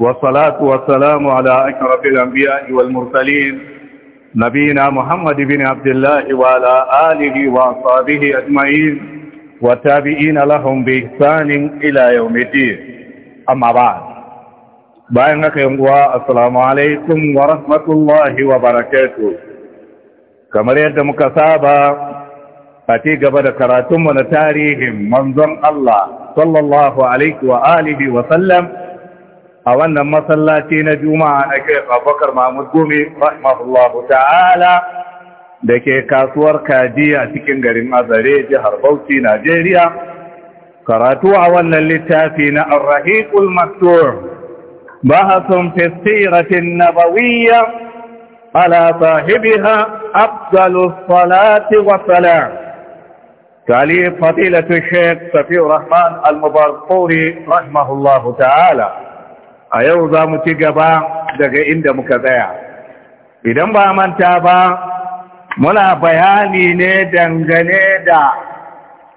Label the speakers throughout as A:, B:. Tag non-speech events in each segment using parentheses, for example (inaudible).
A: والصلاة والسلام على أشرف الأنبياء والمرسلين نبينا محمد بن عبد الله وعلى آله وأصحابه أجمعين والتابعين لهم بإحسان إلى يوم الدين أما بعد bayan haka yin uwa assalamu alaikum wa rahmatullahi wa barakatuh kamar yadda muka saba a ci gaba da karatunmu na tarihin manzon Allah sallallahu a wannan masallaci na juma'a na kai abubakar mahmud gumi rahimahullahu ta'ala da ke kasuwar kajiya cikin garin azare jihar bauchi najeriya karatu a wannan littafi na arrahiqul maktur bahasun fi siratin nabawiyya ala sahibiha afdalus salati wa salam تعليق فضيلة الشيخ سفير الرحمن المباركوري رحمه الله تعالى a yau za mu ci gaba daga inda muka tsaya idan ba manta ba muna bayani ne dangane da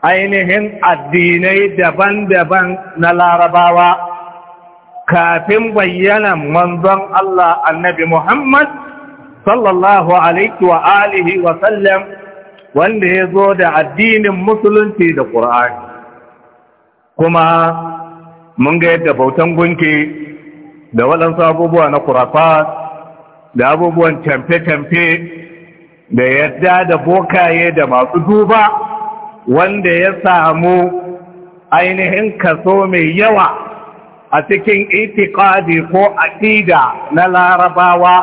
A: ainihin addinai daban-daban na larabawa kafin bayyana manzon Allah annabi Muhammad sallallahu alaihi wa alihi wa sallam wanda ya zo da addinin musulunci da ƙura'ani. kuma mun ga yadda bautan gunki da waɗansu abubuwa na kurafa da abubuwan tamfe-tamfe da yadda da bokaye da masu duba wanda ya samu ainihin kaso mai yawa a cikin itikadi ko aƙida na larabawa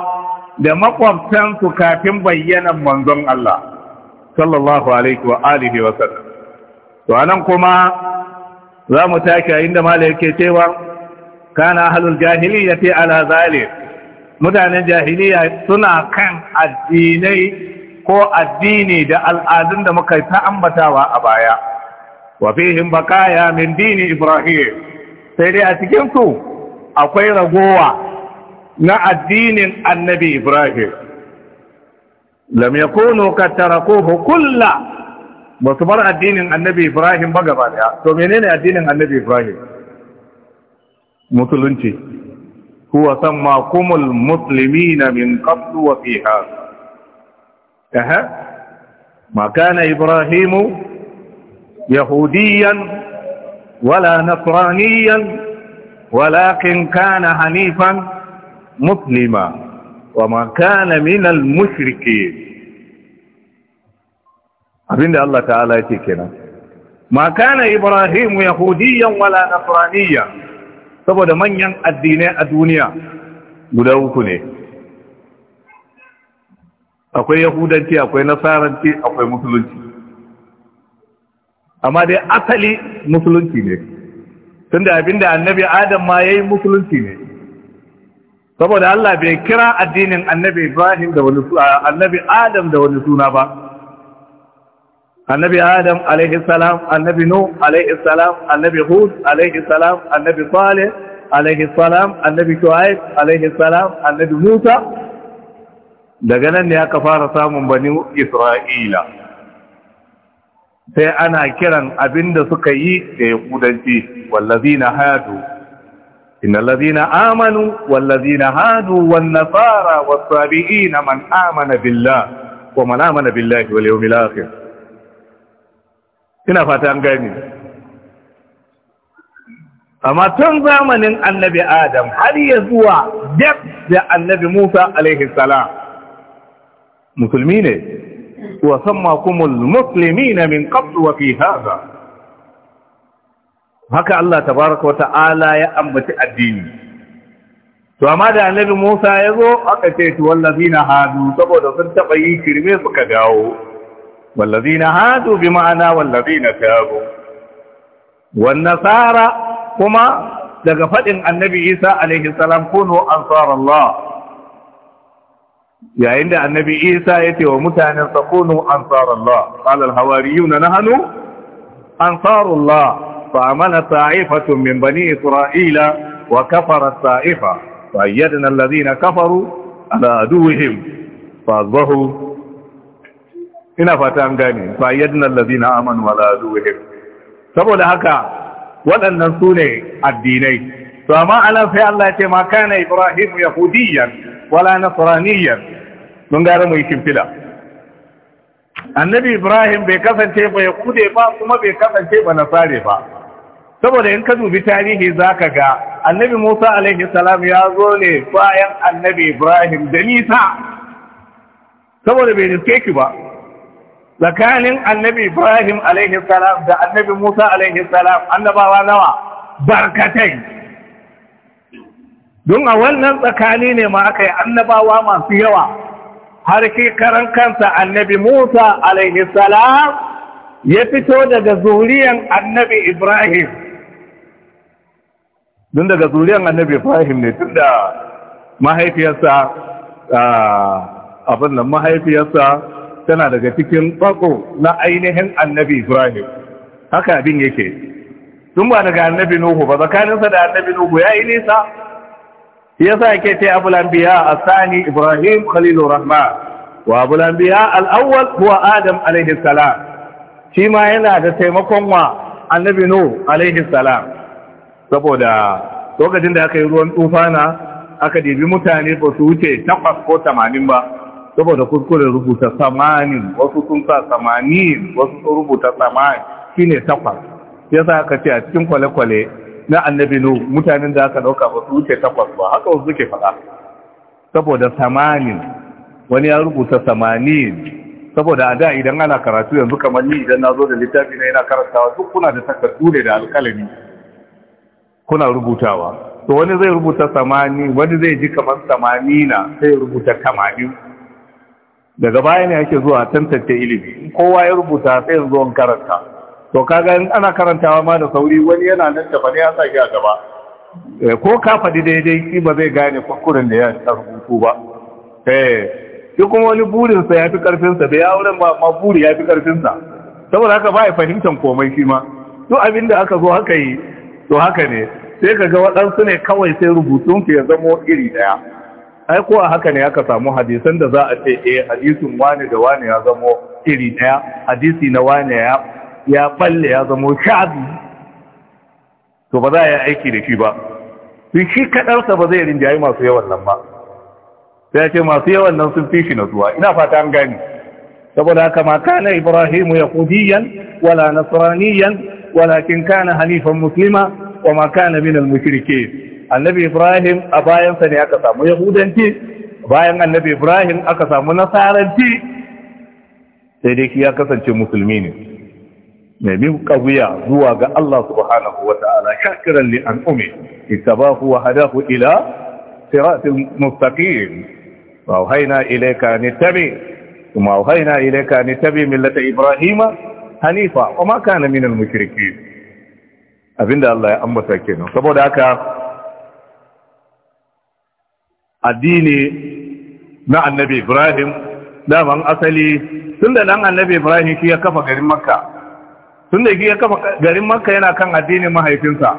A: da makwabtansu kafin bayyanan manzon Allah sallallahu alaihi wa alihi wa sallam to anan kuma za mu take inda malai yake cewa kana jahiliya fi ala zalik mutanen jahiliya suna kan addinai ko addini da al'adun da muka ta ambatawa a baya wa fihim bakaya min dini ibrahim sai dai a cikinsu akwai ragowa na addinin annabi ibrahim lam yakunu katarakuhu kullu ba bar addinin annabi ibrahim ba gaba daya to menene addinin annabi ibrahim musulunci huwa sammakumul muslimina min qablu wa fi aha ma ibrahimu yahudiyan wala nasraniyan walakin kana hanifan muslima wa makana kana minal mushrikin abinda Allah ta'ala yake kenan Makana ibrahimu yahudiyan wala nasraniyan saboda manyan addinai a duniya guda uku ne akwai yahudanci akwai nasaranci akwai musulunci amma dai asali musulunci ne tunda abinda annabi adam ma yayi musulunci ne saboda Allah bai kira addinin annabi Ibrahim da wani annabi Adam da wani suna ba annabi adam alaihi salam annabi nu alaihi salam annabi hud alaihi salam annabi salih alaihi salam annabi shuaib alaihi salam annabi musa daga nan ne aka fara samun bani isra'ila sai ana kiran abinda suka yi da yahudanci wallazina hadu إن الذين آمنوا والذين هادوا والنصارى والصابئين من آمن بالله ومن آمن بالله واليوم الآخر ina fata an gani. amma tun zamanin annabi adam har ya zuwa dab da annabi musa alaihi salam musulmi ne wa musulmi na min qabl wa fi hadha haka Allah tabaraka wa ta'ala ya ambaci addini to amma da annabi musa ya zo aka ce to na hadu saboda sun taɓa yi kirme suka dawo na ma'ana wallazi na والذين تابوا tsara kuma daga fadin annabi Isa alaihi salam kunu ansarallah yayin da annabi Isa yace wa mutanen sa kunu na qala alhawariyuna nahnu ansarullah fa amana ta'ifatun min bani isra'ila wa kafara ta'ifa fa ayyadna na kafaru ala aduwwihim fa azbahu ina fata an gane fa yadna allazina amanu wa zuhir saboda haka waɗannan su ne addinai to amma ana sai Allah ce ma kana ibrahim yahudiyyan wala nasraniyyan mun gara mu yi kimfila annabi ibrahim bai kasance ba kude ba kuma bai kasance ba nasare ba saboda in ka dubi tarihi zaka ga annabi Musa alaihi salam ya zo ne bayan annabi Ibrahim da nisa saboda bai niske ki ba tsakanin annabi Ibrahim alaihi salam da annabi Musa alaihi salam annabawa nawa barkatai don a wannan tsakani ne ma aka yi annabawa masu yawa har ke karan kansa annabi Musa alaihi salam ya fito daga zuriyan annabi Ibrahim don daga zuriyan annabi Ibrahim ne tun da mahaifiyarsa ah, abin da mahaifiyarsa tana daga cikin tsako na ainihin annabi Ibrahim haka abin yake tun ba daga annabi Nuhu ba zakarinsa da annabi Nuhu ya yi nisa yasa yake ce abul a asani Ibrahim khalilur rahman wa abul anbiya al-awwal Adam alaihi salam shi ma yana da taimakon wa annabi Nuhu alaihi salam saboda lokacin da aka yi ruwan tufana aka dibi mutane ba su wuce takwas ko tamanin ba saboda kuskure rubuta samanin wasu sun sa samanin wasu sun rubuta samanin shi ne takwas ya sa aka ce a cikin kwale-kwale na annabi nu mutanen da aka ɗauka ba su wuce takwas ba haka wasu suke faɗa saboda samanin wani ya rubuta samanin saboda a da idan ana karatu yanzu kamar ni idan na zo da littafi na yana karantawa duk kuna da takardu ne da alƙalami kuna rubutawa to wani zai rubuta samani wani zai ji kamar samanina sai rubuta tamanin daga baya ne ake zuwa tantance ilimi kowa ya rubuta sai ya zo karanta to kaga in ana karantawa ma da sauri wani yana nan da fa ne ya saki a gaba eh, ko ka faɗi daidai shi ba zai gane kuskuren da ya rubutu ba eh shi kuma wani burinsa ya fi sa da ya auren ba ma buri ya fi karfinsa saboda haka ba ya fahimtar komai shi ma duk abin da aka zo haka yi to haka ne sai ka ga waɗansu ne kawai sai rubutunsu ya zama iri daya ai ko a haka ne aka samu hadisan da za a ce eh hadisin wani da wani ya zamo iri daya hadisi na wani ya ya balle ya zamo shabi to ba za a yi aiki da shi ba sun shi kadarsa ba zai rinjaye masu yawan nan ba sai ce masu yawan nan sun fi shi na zuwa. ina fata an gani saboda haka ma kana ibrahimu yahudiyan wala nasraniyan walakin kana hanifan muslima wa ma kana min al-mushrikeen annabi ibrahim a bayansa ne aka samu yahudanci bayan annabi ibrahim aka samu nasaranci sai dai ki ya kasance musulmi ne mai bin zuwa ga Allah subhanahu wa ta'ala shakiran li an ba ku wa ku ila siratil mustaqim wa hayna ilayka nittabi kuma hayna ni tabi millata ibrahima hanifa wa ma kana minal mushrikeen abinda Allah ya ambata kenan saboda haka addini na annabi ibrahim daman asali tun da nan annabi ibrahim shi ya kafa garin makka tun da ya kafa garin makka yana kan addinin mahaifinsa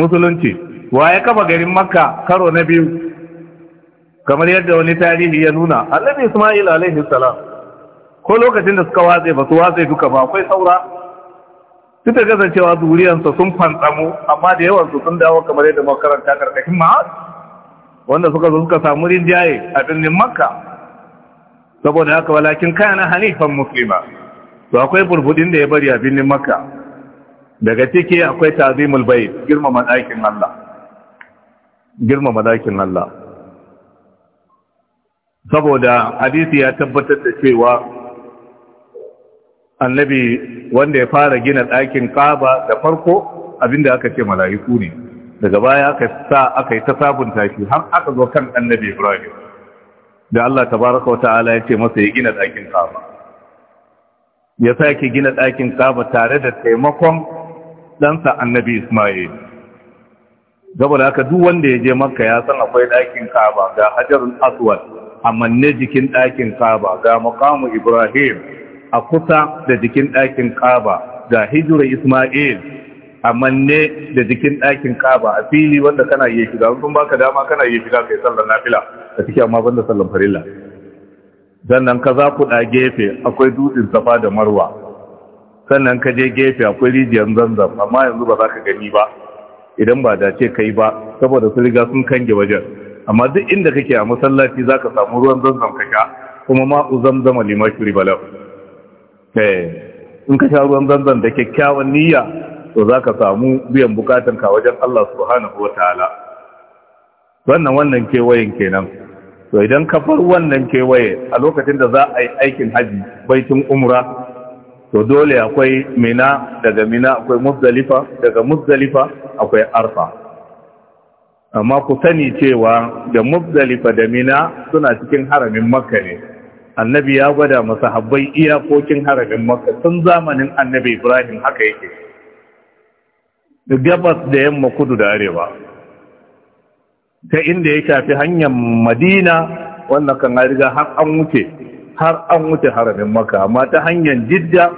A: musulunci wa ya kafa garin makka karo na biyu kamar yadda wani tarihi ya nuna annabi isma'il alaihi salam ko lokacin da suka watse ba su watse duka ba akwai saura duk da kasancewa zuriyarsa sun fantsamo amma da yawansu sun dawo kamar yadda makaranta karkashin ma'ad wanda suka zo suka samu rinjaye a birnin makka saboda haka walakin kana hanifan muslima to akwai burbudin da ya bari a birnin makka daga ciki akwai tazimul bai, girmama ɗakin Allah girmama ɗakin Allah saboda hadisi ya tabbatar da cewa annabi wanda ya fara gina ɗakin kaba da farko abinda aka ce mala'iku ne daga baya aka sa aka yi ta sabunta shi har aka zo kan annabi ibrahim da Allah tabaraka wa ta'ala ya ce masa ya gina ɗakin kaba ya sake gina ɗakin kaba tare da taimakon ɗansa annabi ismail saboda haka duk wanda ya je makka ya san akwai ɗakin kaba ga hajarun aswad a manne jikin ɗakin kaba ga makamu ibrahim a kusa da jikin ɗakin kaba ga hijira ismail a manne da jikin ɗakin kaba a fili wanda kana iya shiga sun baka dama kana iya shiga kai sallar nafila a ciki amma banda sallar farilla sannan ka za ku gefe akwai dutsen safa da marwa sannan ka je gefe akwai rijiyar zanzan amma yanzu ba za ka gani ba idan ba dace kai kai ba saboda sun riga sun kange wajen amma duk inda kake a masallaci za ka samu ruwan zanzan ka sha kuma ma'u zamzama limashi ribalau eh, in ka sha ruwan zanzan da kyakkyawan niyya to za ka samu biyan ka wajen Allah subhanahu wa ta'ala wannan wannan kewayen kenan to idan kafar wannan kewaye a lokacin da za a yi aikin haji baitin umra to dole akwai mina daga mina akwai muzdalifa daga muzdalifa akwai arfa amma ku sani cewa da muzdalifa da mina suna cikin haramin makka ne annabi ya gwada masahabbai iyakokin haramin makka tun zamanin annabi ibrahim haka yake gabas da yamma kudu da arewa ta inda ya shafi hanyar madina wannan kan riga har an wuce har an wuce haramin maka amma ta hanyar jidda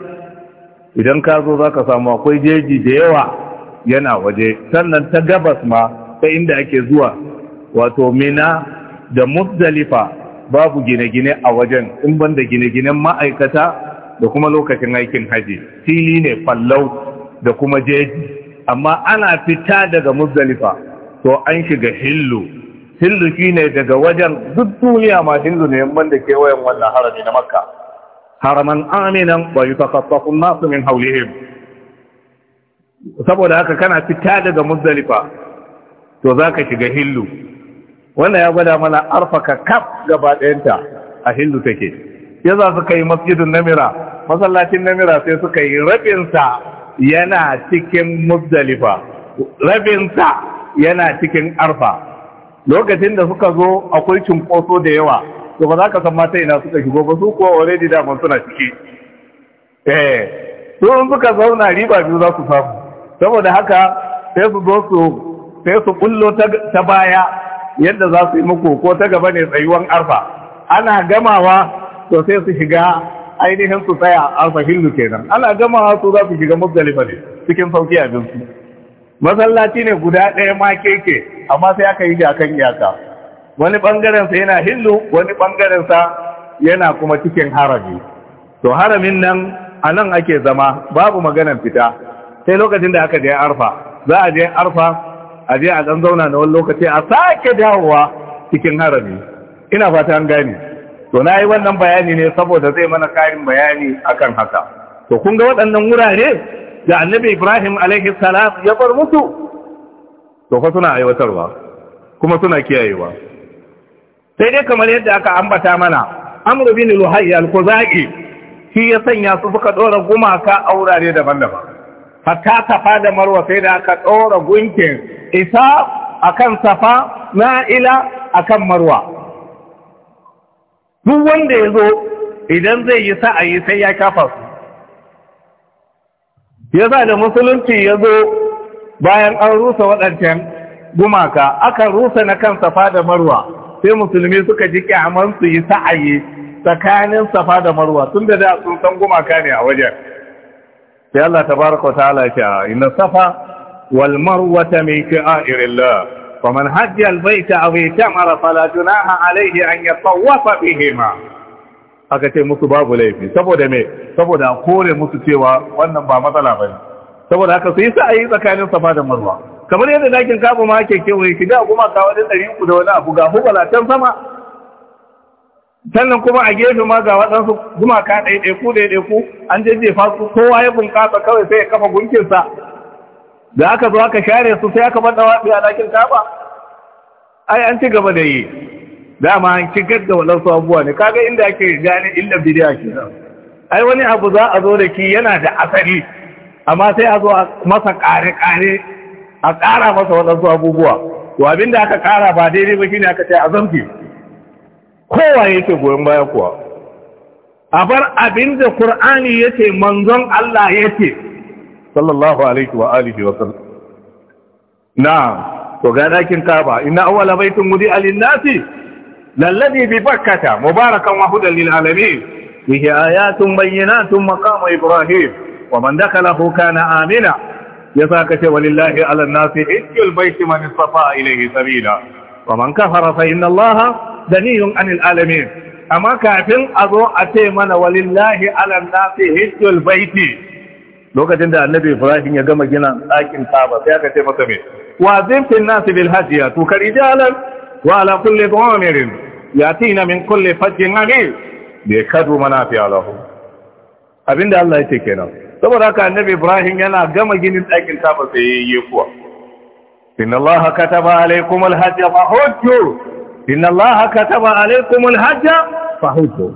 A: idan ka zo za ka samu akwai jeji da yawa yana waje sannan ta gabas ma ta inda ake zuwa wato mina da muzdalifa babu gine-gine a wajen in banda gine-ginen ma'aikata da kuma lokacin aikin haji fili ne fallau da kuma jeji amma ana fita daga muzdalifa to an shiga hillu hillu shine daga wajen duk duniya ma hillu ne yamman da ke wayan wannan harami na makka haraman aminan wa yutakaffafu nasu min hawlihim saboda haka kana fita daga muzdalifa to zaka shiga hillu wannan ya gwada mana arfaka kaf gaba ɗayanta a hillu take ya za yi kai masjidin namira masallacin namira sai suka yi rabinsa yana cikin muzdalifa rabinsa yana cikin arfa lokacin da suka zo akwai cunkoso da yawa to ba za ka san mata ina suka shigo ba su kuwa already da mun suna ciki eh to in suka zauna riba biyu za su samu saboda haka sai su zo su sai su kullo ta baya yadda za su yi muku ko ta gaba ne tsayuwan arfa ana gamawa to sai su shiga ainihin su tsaya a alfahillu kenan ana gama su za su shiga muzdalifa ne cikin sauki a jinsu masallaci ne guda ɗaya ma keke amma sai aka yi jakan iyaka wani ɓangaren sa yana hillu wani ɓangaren sa yana kuma cikin harami to haramin nan a nan ake zama babu maganar fita sai lokacin da aka je arfa za a je arfa a je a ɗan zauna na wani lokaci a sake dawowa cikin harami ina fata an gane to na yi wannan bayani ne saboda zai mana karin bayani akan haka to kun ga waɗannan wurare da annabi ibrahim alaihi salam ya bar musu to fa suna aiwatarwa kuma suna kiyayewa sai dai kamar yadda aka ambata mana amru bin luhayy al-khuzai shi ya sanya su suka ɗora gumaka a wurare daban-daban hatta safa da marwa sai da aka ɗora gunkin isa akan safa na'ila akan marwa duk wanda ya zo idan zai yi sa'ayi sai ya kafa su ya za da musulunci ya zo bayan an rusa waɗancan gumaka aka rusa na kan safa da marwa sai musulmi suka ji kyaman su yi sa'ayi tsakanin safa da marwa tun da da sun san gumaka ne a wajen sai Allah tabaraka wa ta'ala ya inna safa wal marwa irin la'a. فمن هج البيت أو اعتمر فلا جناح عليه أن يطوف بهما aka ce musu babu laifi saboda me saboda kore musu cewa wannan ba matsala ba ne saboda haka su yi sa'ayi tsakanin safa da marwa kamar yadda dakin kafa ma ke kewaye ki da kuma ga wani ɗari uku da wani abu ga hubala can sama sannan kuma a gefe ma ga waɗansu gumaka ɗaiɗaiku ɗaiɗaiku an jajjefa su kowa ya bunƙasa kawai sai ya kafa gunkinsa da aka zo aka share su sai aka bar dawafi a dakin kaba ai an ci gaba da yi dama an ci shigar da su abubuwa ne kaga inda ake gane illa bidiya ke ai wani abu za a zo da ki yana da asali amma sai a zo a masa kare-kare a kara masa su abubuwa to abinda aka kara ba daidai ba shine aka ce a zamfi kowa yake goyon baya kuwa a bar abinda qur'ani yace manzon Allah yace sallallahu alaihi wa alihi wa sallam na'am to ga dakin kaba inna awwala baitin wudi'a lin-nasi lalladhi bi bakkata mubarakan wa hudan lil-alamin fihi ayatun bayyinatun maqamu ibrahim wa man dakalahu kana amina ya yasaka ce walillahi 'alan-nasi hajjul baiti man istata'a ilayhi sabila wa man kafara fa inna allaha ganiyun 'anil-alamin amma kafin a zo a ce mana walillahi ala nasi hajjul baiti lokacin da annabi ibrahim ya gama gina ɗakin kaba sai aka ce masa me wa zifin nasi bil hajiya to karijalan wa ala kulli dhamirin yatina min kulli fajjin aghir bi kadu manafi alahu abinda Allah ya ce kenan saboda haka annabi ibrahim yana gama ginin ɗakin kaba sai yayi kuwa inna allaha kataba alaykum al hajja fa hujju inna allaha kataba alaykum al hajja fa hujju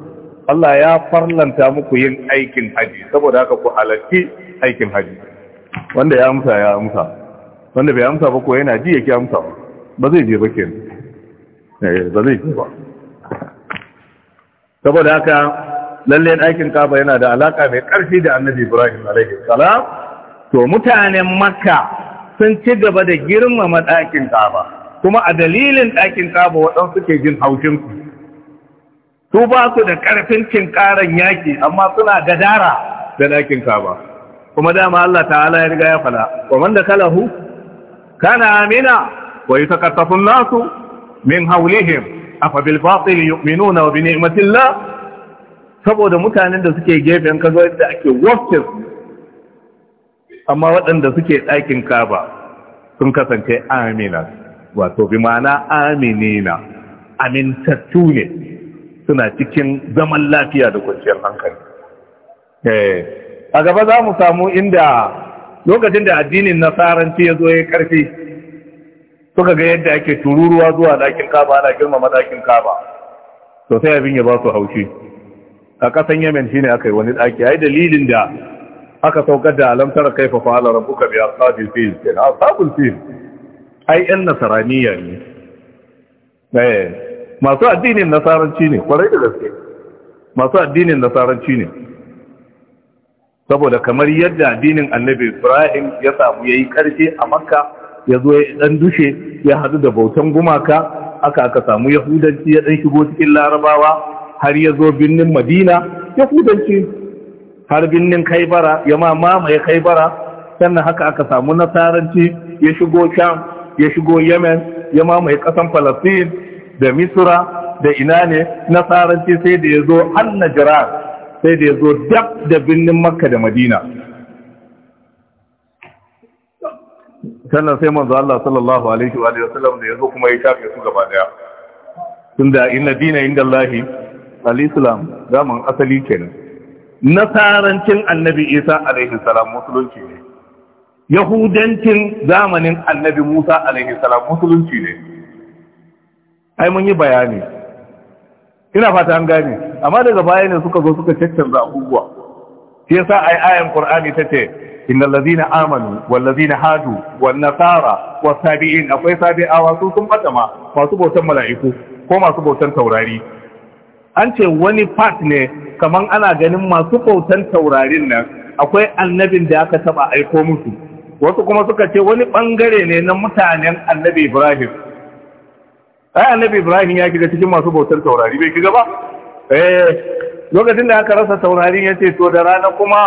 A: Allah ya farlanta muku yin aikin haji saboda haka ku halarci aikin haji wanda ya amsa ya amsa wanda bai amsa ba ko yana ji yake amsa ba zai je ba ke eh, ba zai ji ba saboda haka lalle aikin kaba yana da alaka mai karfi da annabi ibrahim alaihi salam to mutanen makka sun ci gaba da girmama ɗakin kaba kuma a dalilin ɗakin kaba waɗansu ke jin haushin ku su ba su da ƙarfin cinkaran yaki amma suna gadara da ɗakin kaba kuma dama Allah ta'ala ya riga ya fada wa man da kalahu kana amina wa yatakattafu nasu min hawlihim afa bil batil yu'minuna wa bi ni'matillah saboda mutanen da suke gefen kazo da ake waftin amma waɗanda suke ɗakin kaba sun kasance amina wato bi ma'ana aminina amintattu ne suna cikin zaman lafiya da kwanciyar hankali eh. a gaba za mu samu inda lokacin da addinin nasaranci ya zo ya karfi suka ga yadda ake tururuwa zuwa dakin kaba ana girmama madakin kaba to sai abin ya ba su haushi a yamen yemen ne aka yi wani daki. ai dalilin da aka saukar da alamtar kaifa fa'ala rabbuka bi ashabil fil ashabul fil ai yan nasaraniya ne eh masu addinin nasaranci ne kwarai da gaske masu addinin nasaranci ne saboda kamar yadda addinin annabi Ibrahim ya samu yayi karshe a Makka ya zo ya dan dushe ya hadu da bautan gumaka aka aka samu yahudanci ya dan shigo cikin larabawa har ya zo binnin Madina yahudanci har binnin Kaibara ya ma mamaye Kaibara sannan haka aka samu nasaranci ya shigo Sham ya shigo Yemen ya mamaye kasan Palestine da Misra da ina ne nasaranci sai da ya zo har Najran sai da ya zo dab da birnin makka da madina sannan sai manzo Allah sallallahu alaihi wa sallam da ya zo kuma ya shafe su gaba daya tunda ina dina inda Allahi al zaman asali nan nasarancin annabi isa alaihi salam musulunci ne yahudancin zamanin annabi musa alaihi salam musulunci ne ai mun yi bayani ina fata an gane amma daga baya ne suka zo suka caccanza abubuwa shi yasa ai ayan qur'ani tace innal ladina amanu wal ladina hadu wan nasara was sabiin akwai sabi'a wasu sun bata ma masu bautan mala'iku ko masu bautan taurari an ce wani part ne kaman ana ganin masu bautan taurarin nan akwai annabin da aka taba aiko musu wasu kuma suka ce wani bangare ne na mutanen annabi Ibrahim ai annabi ibrahim ya kiga cikin masu bautar taurari bai kiga ba eh lokacin da aka rasa taurarin ya ce to da rana kuma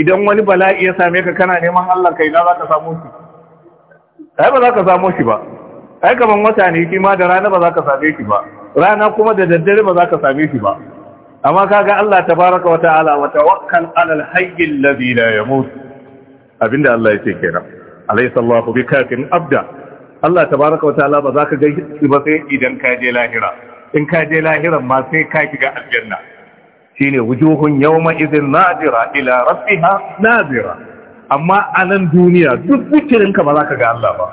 A: idan wani bala'i ya same ka kana neman allah kai na za ka samu shi ai ba za ka samu shi ba ai kaman mutane, shi ma da rana ba za ka same shi ba rana kuma da daddare ba za ka same shi ba amma kaga Allah tabaraka wa ta'ala wa tawakkal 'alal hayyil ladhi la yamut abinda Allah yake kenan alaysa Allahu bikafin abda Allah tabaraka wa ta'ala ba za ka gaishe ba sai idan ka je lahira in ka je lahiran ma sai ka shiga aljanna shine wujuhun yawma idhin nadira ila rabbiha nadira amma a nan duniya duk ka ba za ka ga Allah ba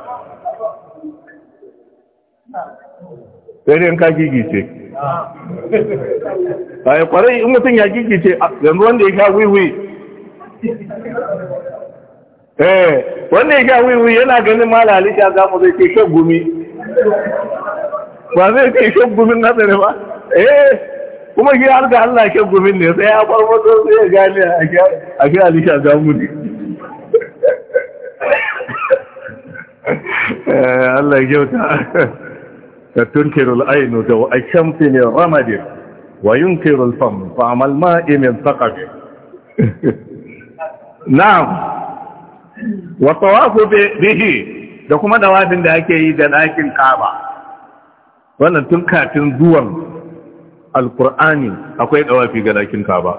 A: sai dai in ka gigice a yi kwarai in mutum ya gigice yanzu wanda ya sha wiwi eh wanda ya wuyi wiwi yana ganin mala halitta za mu zai ke shan gumi ba zai ke shan gumin nazari ba eh kuma shi har da Allah shan gumin ne sai ya farfato sai ya gani a shi alisha za mu ne eh, Allah ya kyauta ka tunkiru al'ainu da wa'ashamfi ne ramadi wa yunkirul fam fa'amal ma'imin saƙafi (laughs) na'am wa tawafu bihi da kuma dawafin da ake yi da ɗakin kaba wannan tun kafin zuwan alkur'ani akwai dawafi ga ɗakin kaba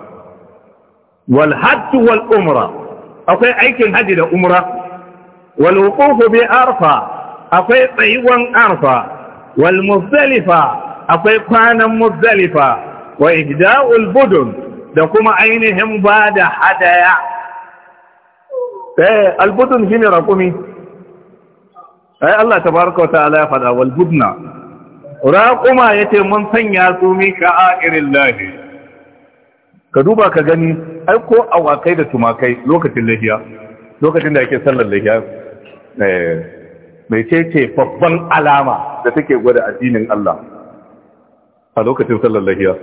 A: wal hajj wal umra akwai aikin haji da umra wal wuqufu bi arfa akwai tsayuwan arfa wal muzdalifa akwai kwanan muzdalifa wa ihda'ul budun da kuma ainihin bada hadaya eh albudun ne rakumi ai eh, Allah ta tabaraka ta'ala ya faɗa walbudna, rakuma ya ce mun sanya su mi sha'airillah ka duba ka gani ai ko awakai da tumakai lokacin lahiya lokacin da ake sallar lahiya eh, mai ce babban alama da take gwada addinin Allah a lokacin sallar lahiya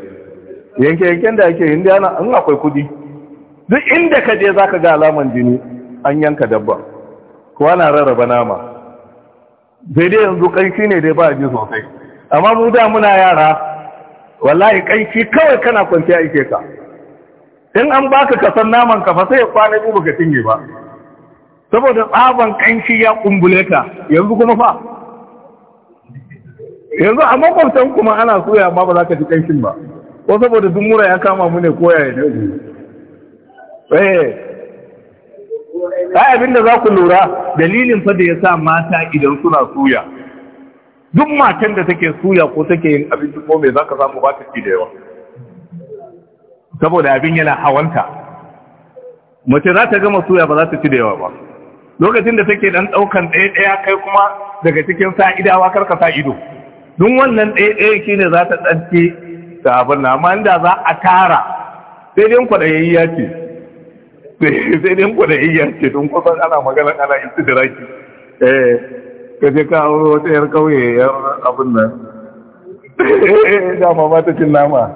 A: yanke yanken da ake yin da ana akwai kudi duk inda ka je za ka ga alaman jini an yanka dabba ko ana rarraba nama sai dai yanzu kanshi ne dai ba a ji sosai amma mu da muna yara wallahi kanshi kawai kana kwanciya ake ka in an baka kasan naman ka fa sai kwana biyu baka cinye ba saboda tsaban kanshi ya kumbule ka yanzu kuma fa yanzu a makwabtan kuma ana soya amma ba za ka ji kanshin ba ko saboda duk mura ya kama mu ne koya ne ai abinda za ku lura dalilin fa da ya sa mata idan suna suya duk matan da take suya ko take yin abinci ko mai za ka samu ba ta ci da yawa saboda abin yana hawanta mace za ta gama suya ba za ta ci da yawa ba lokacin da take dan daukan ɗaya ɗaya kai kuma daga cikin sa'idawa, idawa karka sa ido duk wannan ɗaya ɗaya ne za ta ɗanke da abin na amma inda za a tara sai dai kwaɗayayya ce (laughs) sai dai ku da iya ce don kusan ana magana ana istidraki eh ka je ka aure wata yar kauye yar abin nan (laughs) dama ba ta cin nama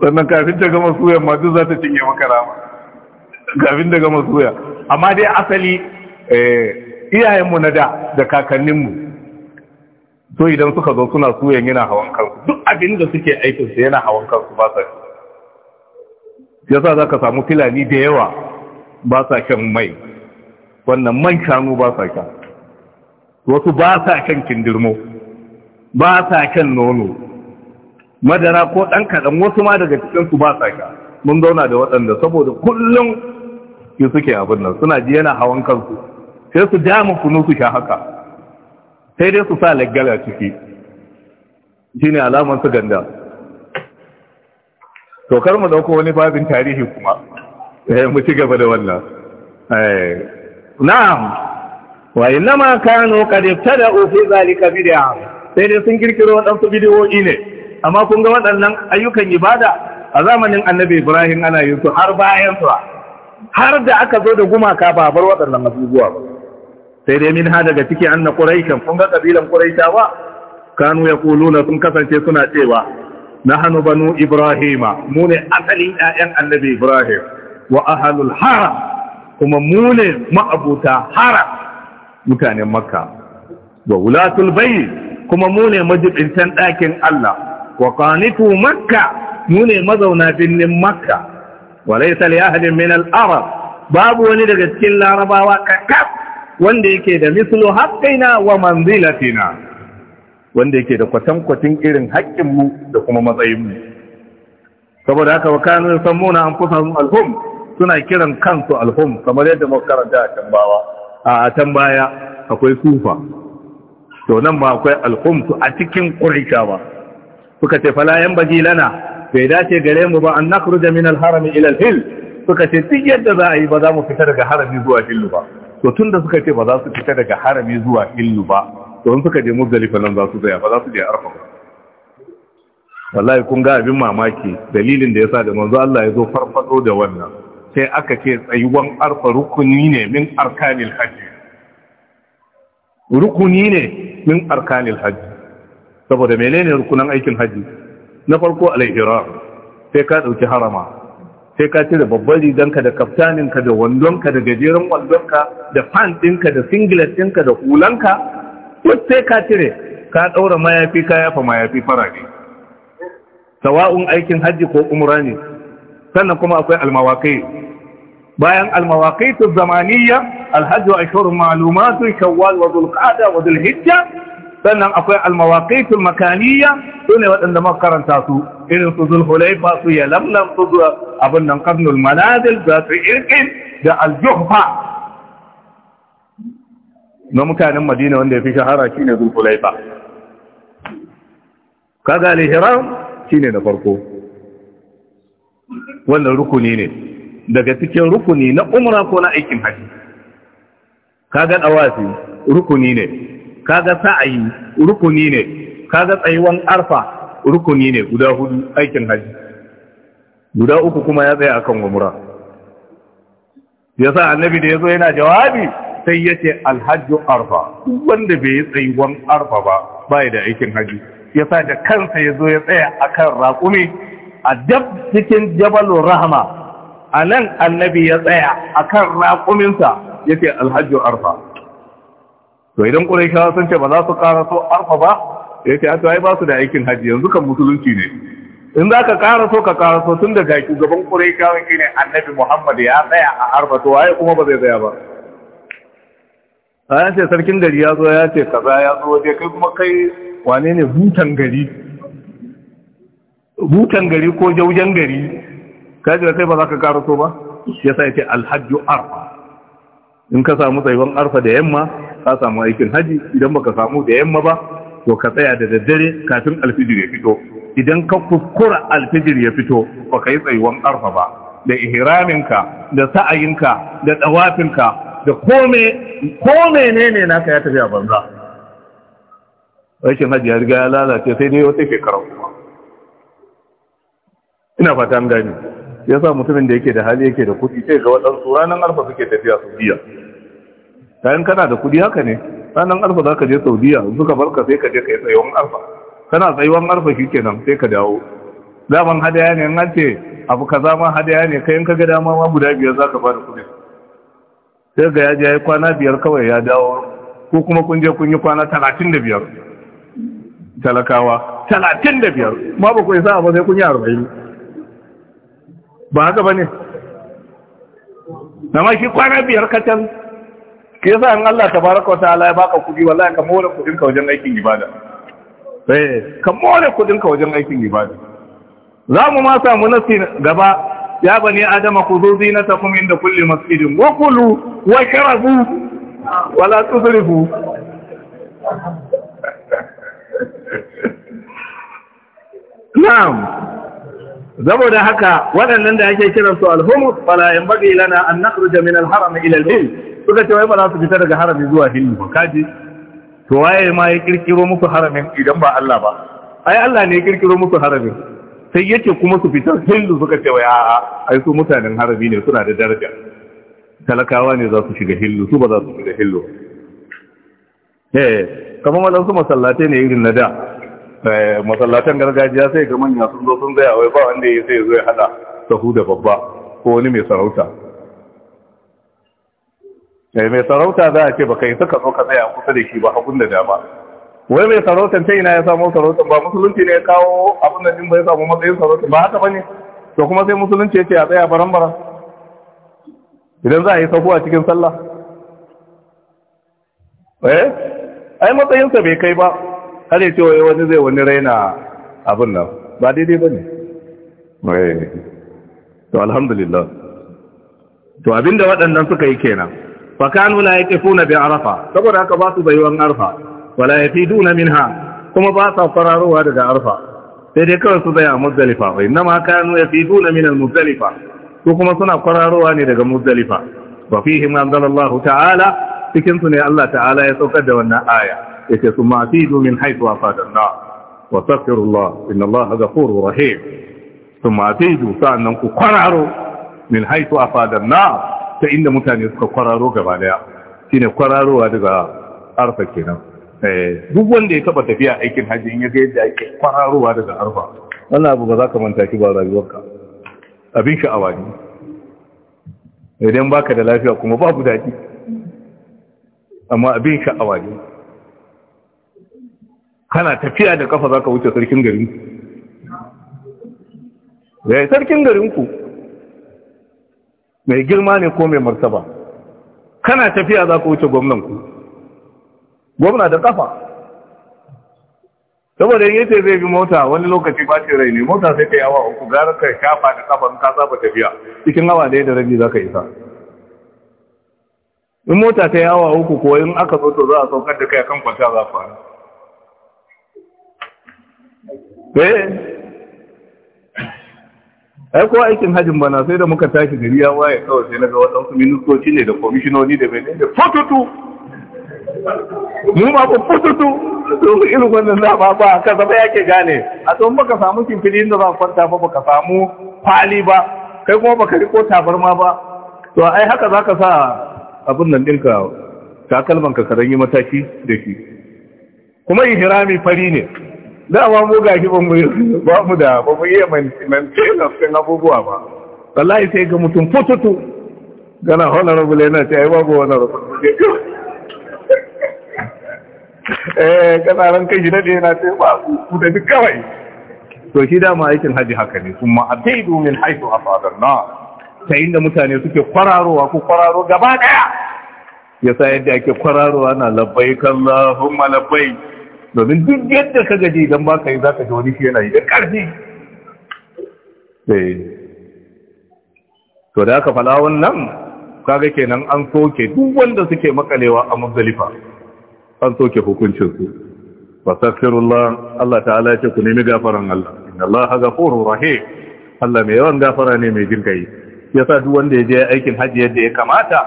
A: sannan kafin ta gama suya ma duk za ta cinye maka nama kafin ta gama suya amma dai asali eh, iyayenmu na da da kakanninmu so idan suka zo suna suyan yana hawan kansu duk abin da suke aikinsu yana hawan kansu ba sa yasa za ka samu filani da yawa ba sa shan mai wannan man shanu ba sa shan wasu ba sa shan kindirmo ba sa shan nono madara ko ɗan kaɗan wasu ma daga cikinsu ba sa shan mun zauna da waɗanda saboda kullum ki suke abin nan suna ji yana hawan kansu sai su dama kunu su sha haka sai dai su sa laggala ciki shine ne su ganda to kar mu dauko wani babin tarihi kuma eh mu ci gaba da wannan eh na'am wa innama kanu qad ibtada'u fi zalika bid'a sai dai sun kirkiro waɗansu bid'o'i ne amma kun ga waɗannan ayyukan ibada a zamanin annabi Ibrahim ana yin su har bayan su har da aka zo da gumaka ba bar waɗannan abubuwa sai dai min ha daga ciki anna quraishan kun ga kabilan quraishawa kanu yaquluna sun kasance suna cewa Nahanu banu ibrahima mu ne asalin ƴaƴan annabi ibrahim wa ahlul haram kuma mu ne ma'abuta haram mutanen makka wa wulatul kuma mu ne majibintan ɗakin Allah wa qanitu makka mu ne mazauna binnin makka wa laysa li ahadin min al-arab babu wani daga cikin larabawa kakaf wanda yake da mislu haqqina wa manzilatina wanda yake da kwatankwatin irin haƙƙinmu da kuma matsayinmu saboda haka wakanin sammuna an fusa mu alhum suna kiran kansu alhum kamar yadda makaranta karanta a tambawa a baya akwai sufa to nan ba akwai alhum su a cikin qurayshawa suka ce fala yan baji lana bai dace gare mu ba an nakhruja min alharami ilal alhil suka ce duk yadda za a yi ba za mu fita daga harami zuwa hillu ba to tunda suka ce ba za su fita daga harami zuwa hillu ba to in suka je muzdalifa nan za su tsaya ba za su je arfa ba wallahi kun ga abin mamaki dalilin da yasa da manzo Allah ya zo farfado da wannan sai aka ce tsayuwan arfa rukuni ne min arkanil hajji rukuni ne min arkanil hajji saboda menene rukunan aikin hajji na farko al-ihram sai ka dauki harama sai ka cire babban riganka da kaftaninka da wandonka da gajeren wandonka da fan ɗinka da singlet ɗinka da hulanka duk sai ka cire ka ɗaura mayafi ka yafa mayafi farare sawa'un aikin hajji ko umra ne sannan kuma akwai almawakai bayan almawakai tu Alhaji alhajji wa ashurun ma'lumatun shawwal wa wa sannan akwai almawakai tu makaniya sune waɗanda muka karanta su irin su zulhulaifa su yalamlam su abin nan karnul manazil da su irkin da aljuhfa na mutanen madina wanda ya fi shahara shine zulhulaifa kaga al shi ne na farko wannan rukuni ne daga cikin rukuni na umra ko na aikin haji kaga ɗawasi rukuni ne kaga sa'ayi rukuni ne kaga tsayuwan arfa rukuni ne guda hudu aikin haji guda uku kuma ya tsaya akan umra yasa annabi da ya zo yana jawabi sai ya ce alhajju arfa wanda bai yi tsayuwan arfa ba bai da aikin haji ya sa da kansa ya zo ya tsaya a kan raƙumi a dab cikin jabalu rahama a nan annabi ya tsaya a kan raƙuminsa ya ce alhajju arfa to idan ƙuraishawa sun ce ba za su ƙara so arfa ba ya ce an ba su da aikin haji yanzu kan musulunci ne in za ka ƙara so ka ƙara so tun daga shugaban ƙuraishawa shi ne annabi muhammad ya tsaya a arfa to waye kuma ba zai tsaya ba a ya ce sarkin gari ya zo ya ce kaza ya zo waje kai kuma kai wane ne butan gari butan gari ko jaujen gari ka ji da kai ba za ka so ba ya sa ya ce alhajju arfa in ka samu tsayuwan arfa da yamma ka samu aikin haji idan baka samu da yamma ba to ka tsaya da daddare kafin alfijir ya fito idan ka kuskura alfijir ya fito ba ka yi tsayuwan arfa ba da ihraminka da sa'ayinka da tsawafinka da ko na ka ya tafi a banza rashin hajji ya riga ya lalace sai dai wata shekarar kuma ina fata an gani ya sa mutumin da yake da hali yake da kudi sai ga waɗansu ranar alfa suke tafiya su biya. kayan kana da kudi haka ne ranar arfa za ka je biya suka barka sai ka je ka yi tsayuwan arfa kana tsayuwan alfa shi kenan sai ka dawo daman hadaya ne an ce abu kaza ma hadaya ne kayan ka ga dama ma guda biyar za ka ba da kudin sai ga yaji ya yi kwana biyar kawai ya dawo ko kuma kun je kun yi kwana talatin da biyar talakawa talatin da biyar ma ba ku isa ba sai kun yi arba'in ba haka ba ne na shi kwana biyar kacal ke sa in Allah ta baraka wata ala ya baka kudi wallahi ka more kudin ka wajen aikin ibada eh ka more kudin ka wajen aikin ibada za mu ma samu nasi gaba Ya bani يا بني آدم خذوا زينتكم عند كل مسجد وكلوا واشربوا
B: ولا تسرفوا
A: Na'am. saboda haka waɗannan da ake kiran su alhumus fala yanbaghi lana an nakhruja min alharam ila albayt suka ce wai ba za su fita daga harami zuwa hilli ba kaji to waye ma ya kirkiro muku haramin idan ba Allah ba ai Allah ne ya kirkiro muku haramin sai yake kuma su fitar hindu suka ce wa a'a a su mutanen harabi ne suna da daraja talakawa ne za su shiga hillu su ba za su shiga hillu eh kamar su masallatai ne irin na da eh, masallatan gargajiya sai ga manya sun zo sun zaya wai ba wanda ya sai zo ya hada sahu da babba ko wani mai sarauta eh, mai sarauta za a ce baka yi suka zo ka tsaya kusa da shi ba abun da dama wai mai sarautar ta ina ya samu sarautar? ba musulunci ne ya kawo abin da jin bai samu matsayin sarautar. ba haka bane to kuma sai musulunci ya ce a tsaya barambara idan za a yi a cikin sallah eh ai matsayinsa bai kai ba har ya ce wani zai wani raina abin nan ba daidai ba ne eh. to alhamdulillah to abinda waɗannan suka yi kenan fakanu la yaqifuna bi arafa saboda haka ba su bayuwan arfa wala min minha kuma ba sa fararowa daga arfa sai dai kawai su tsaya a muzdalifa wa inna ma kanu yafiduna min al-muzdalifa su kuma suna fararowa ne daga muzdalifa wa fihi ma anzalallahu ta'ala cikin su ne Allah ta'ala ya saukar da wannan aya yace summa afidu min haythu afadanna wa taqirullah inna Allah ghafurur rahim summa afidu sa'annan ku kwararo min haythu afadanna ta inda mutane suka kwararo gaba daya shine kwararowa daga arfa kenan Eh. duk wanda ya taba tafiya aikin hajji in ya ga yadda ake kwararowa daga arfa wannan abu ba za ka manta shi ba rayuwarka abin sha'awa ne idan baka da lafiya kuma babu daɗi amma abin sha'awa ne kana tafiya da kafa za ka wuce sarkin garinku ku yi eh, sarkin garinku mai girma ne ko mai martaba kana tafiya za ka wuce gwamnanku gwamna da kafa saboda yin yace zai bi mota wani lokaci ba ce rai ne mota sai kai awa uku gara ka shafa da kafa ka saba tafiya cikin awa ɗaya da rabi ka isa in mota ta yawa uku ko in aka zo to za a saukar da kai kan kwanta za fa eh ai ko aikin hajin bana sai da muka tashi gari ya waye kawai sai na ga waɗansu ministoci ne da kwamishinoni da menene
B: fototu mu ma ku
A: fututu to irin wannan za ba ba ka zama yake gane a don baka samu kimfili inda za ka kwanta ba baka samu kwali ba kai kuma baka riko tabarma ba to ai haka za ka sa abin nan ɗinka takalman ka karan yi mataki da shi kuma ihrami fari ne dama mu gashi ba mu ba mu da ba mu iya maintenance ɗin abubuwa ba wallahi sai ga mutum fututu gana honorable yana ce ai babu honorable eh kai shi dade yana ce ba ku da duk kawai to shi dama aikin hajji haka ne domin abidu a haythu na. ta inda mutane suke kwararowa ko kwararo gaba daya ya sa yadda ake kwararowa na labbaik Allahumma labbaik domin duk yadda ka gaji idan ba ka yi za ka ji wani shi yana yi da ƙarfi eh. to da aka fala wannan kaga kenan an soke duk wanda suke makalewa a muzdalifa an soke hukuncinsu fasaskirullah Allah ta'ala ce ku nemi gafaran Allah inna Allah ghafurur rahim Allah mai yawan gafara ne mai jin kai yasa duk wanda ya je aikin haji yadda ya kamata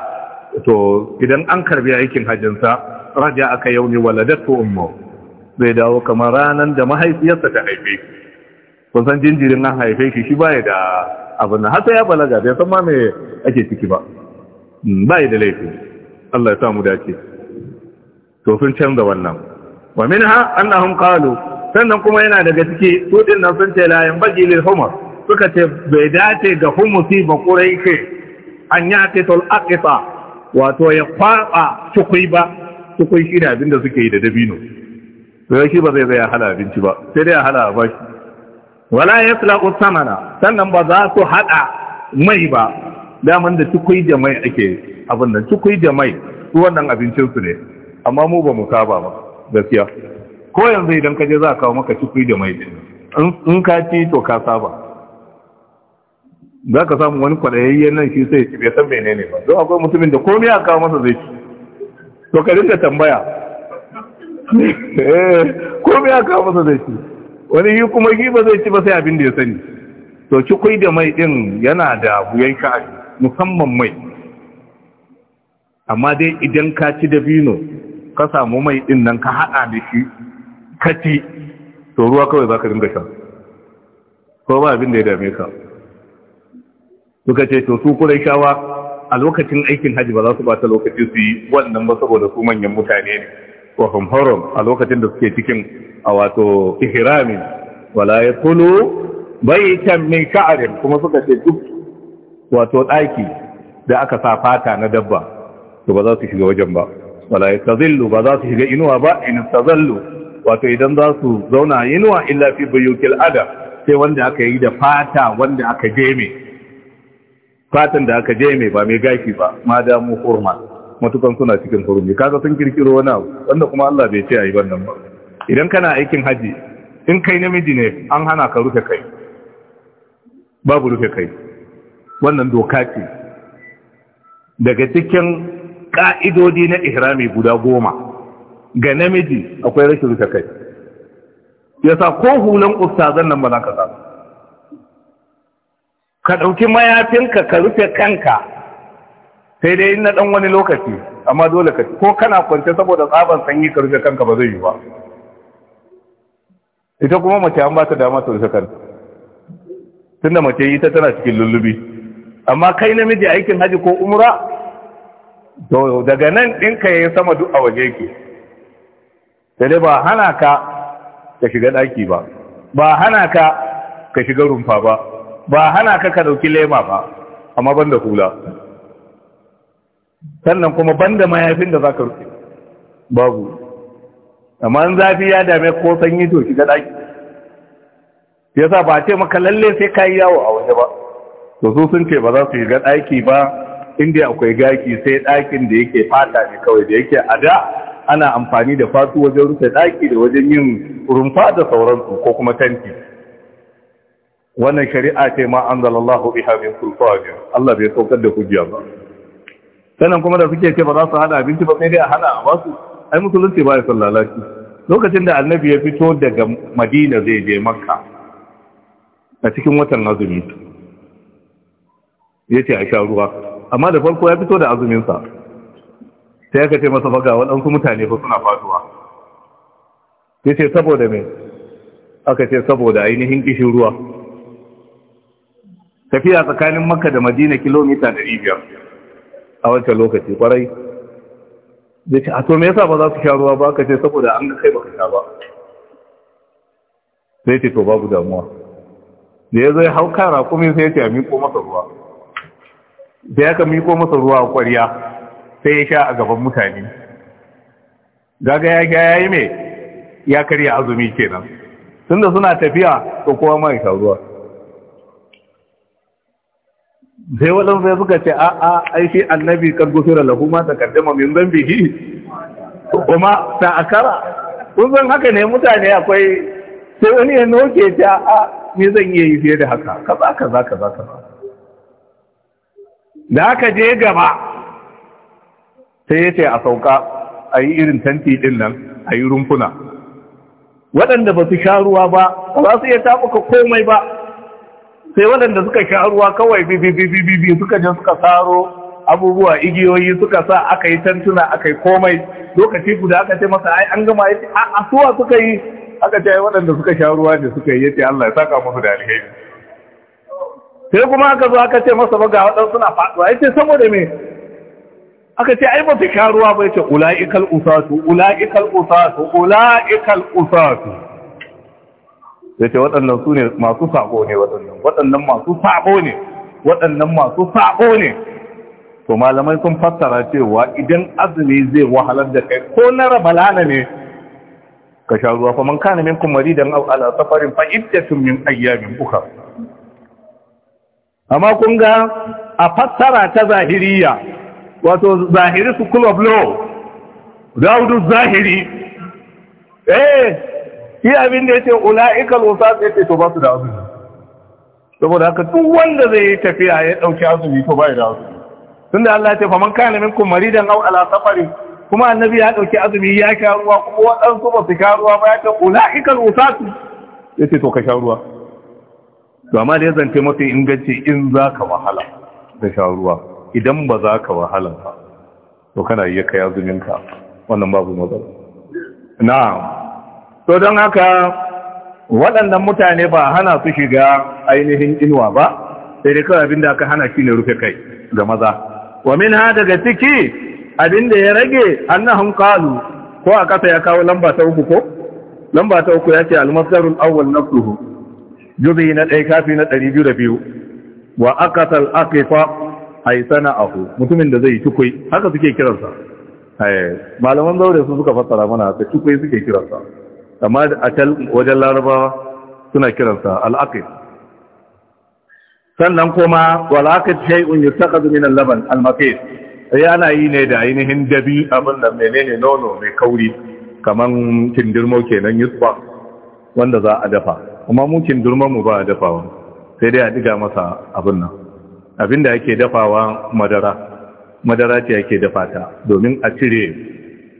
A: to idan an karbi aikin hajjin sa raja aka yauni waladatu ummu zai dawo kamar ranar da mahaifiyarsa ta haife kun san jinjirin an haife shi shi baya da abin nan hasa ya balaga bai san ma me ake ciki ba hmm, bai da laifi Allah ya samu dace to sun canza wannan wa minha annahum qalu sannan kuma yana daga ciki su din nan sun ce la baji lil humar suka ce bai dace ga humusi ba ke. an yati tul aqita wato ya kwaba tukui ba tukui shi da abinda suke yi da dabino to shi ba zai zaya hala abinci ba sai dai hala ba shi wala yatlaqu samana sannan ba za su hada mai ba daman da tukui da mai ake abin nan tukui da mai su wannan abincin su ne amma mu ba mu saba ba gaskiya ko yanzu idan ka je za kawo maka cikui da mai in ka ci to ka saba za ka samu wani kwadayayye nan shi sai ci bai san menene ba don akwai mutumin da komai a kawo masa zai ci to ka dinga tambaya eh, komai a kawo masa zai ci wani yi kuma yi ba zai ci ba sai abin da ya sani to cikui da mai din yana da wuyan ka musamman mai amma dai idan ka ci bino ka samu mai ɗin nan ka haɗa da shi ka ci to ruwa kawai za ka dinga sha ko ba abin da ya dame ka suka ce to su kurai shawa a lokacin aikin hajji ba za su bata lokaci su yi wannan ba saboda su manyan mutane ne wa hamharon a lokacin da suke cikin a wato ihirami wala ya Kulu bai can min sha'arin kuma suka ce duk wato ɗaki da aka sa fata na dabba to ba za su shiga wajen ba wala tazillu ba za su shiga inuwa ba in tazallu wato idan za su zauna inuwa illa fi buyutil adab sai wanda aka yi da fata wanda aka jeme fatan da aka jeme ba mai gashi ba ma da mu hurma matukan suna cikin hurmi kaga sun kirkiro wani abu wanda kuma Allah bai ce ayi wannan ba idan kana aikin haji in kai namiji ne an hana ka rufe kai babu rufe kai wannan doka ce daga cikin ƙa'idodi na ihrami guda goma ga namiji akwai rashin rufe kai yasa ko hulan ustazan nan ba za ka ka ɗauki mayafinka ka rufe kanka sai dai na ɗan wani lokaci amma dole ka ko kana kwance saboda tsaban sanyi ka rufe kanka ba zai yi ba ita kuma mace an ba ta dama ta rufe kanta tunda mace ita tana cikin lullubi amma kai namiji aikin haji ko umra to daga nan ɗinka ya yi sama duk a waje ke sai dai ba hana ka ka shiga ɗaki ba ba hana ka ka shiga rumfa ba ba hana ka ka ɗauki lema ba amma ban da hula sannan kuma ban da mayafin da za ka rufe babu amma an zafi ya dame ko sanyi to shiga ɗaki sa ba ce maka lalle sai ka yi yawo a waje ba to su sun ce ba za su shiga ɗaki ba inda akwai gaki sai ɗakin da yake fata ne kawai da yake a da ana amfani da fatu wajen rufe ɗaki da wajen yin rumfa da sauransu ko kuma tanki. wannan shari'a ce ma an zalallahu biha min sulfanin Allah bai saukar da kujiya ba sannan kuma da suke ce ba za su hana abinci ba sai dai a hana a basu ai musulunci ba ya sallalaci lokacin da annabi ya fito daga madina zai je makka a cikin watan azumi ya ce a sha ruwa amma da farko ya fito da azuminsa sai aka ce masa faga waɗansu mutane ba suna faduwa ya ce saboda mai aka ce saboda ainihin ƙishin ruwa tafiya tsakanin makka da madina kilomita 500 a wancan lokaci kwarai ya ce a to me yasa ba za su sha ruwa ba aka ce saboda an ga kai baka sha ba sai ce to babu damuwa da ya zai hau kara kuma sai ya ce a miko masa ruwa da ya miko masa ruwa a ƙwarya sai ya sha a gaban mutane gaga ya ga yi mai ya karya azumi kenan tunda suna tafiya ko kowa mai sha ruwa sai waɗansu ya suka ce a a aiki annabi kan gusura lahu ma ta kaddama min biki. kuma ta akara kun san haka ne mutane akwai sai wani ya noke ta a me zan iya yi fiye da haka kaza kaza kaza kaza da aka je gaba sai ya ce a sauka a yi irin tanti ɗin nan a yi rumfuna waɗanda ba su sha ruwa ba ba su iya taɓuka komai ba sai waɗanda suka sha ruwa kawai bibibibibi suka je suka saro abubuwa igiyoyi suka sa aka yi tantuna aka yi komai lokaci guda aka ce masa ai an gama ya ce a suwa suka yi aka ce waɗanda suka sha ruwa ne suka yi ya Allah ya saka musu da alheri sai kuma aka zo aka ce masa ba ga waɗansu suna faɗuwa ya ce saboda me aka ce ai ba fi karuwa ba ya ce ula'ikal usatu ula'ikal usatu ula'ikal usatu ya ce waɗannan su ne masu saƙo ne waɗannan waɗannan masu saƙo ne waɗannan masu saƙo ne to malamai sun fassara cewa idan azumi zai wahalar da kai ko na rabalana ne ka sha ruwa fa man kana minkum maridan aw ala safarin fa iddatun min ayyamin ukhra amma kun ga a fassara ta zahiriya wato zahiri su of law daudu zahiri eh shi abin da ya ce ula'ikal wasat ya ce to ba su da azumi saboda haka duk wanda zai yi tafiya ya ɗauki azumi to ba da azumi tunda Allah ya ce faman kana minkum maridan aw ala safarin kuma annabi ya dauki azumi ya sha ruwa kuma wadansu ba su sha ruwa ba ya ce ula'ikal wasat ya ce to ka sha ruwa to amma da ya zance mafi inganci in za ka wahala da sharuwa idan ba za ka wahala ba to kana iya kai azuminka wannan babu matsala Na. to don haka waɗannan mutane ba hana su shiga ainihin inuwa ba sai dai kawai abinda aka hana shi ne rufe kai ga maza wa min ha daga ciki abinda ya rage annahun Kalu ko a kasa ya kawo lamba ta uku ko lamba ta uku ya ce al-masdarul awwal nafsuhu juzi na ɗaya kafi na ɗari biyu da biyu wa aka akasal akifa ai sana'ahu mutumin da zai cukwai haka suke kiransa eh, malaman zaure sun suka fassara mana da cukwai suke kiransa amma a can wajen larabawa suna kiransa al'aƙi sannan kuma walaqit shay'un yuttaqadu min al-laban al-maqis na yi ne da ainihin dabi abin da menene nono mai kauri kaman tindirmo kenan yusba wanda za a dafa Kuma mukin durman mu ba a dafawa sai dai a diga masa abin nan abinda ake dafawa madara madara ce ake dafa ta domin a cire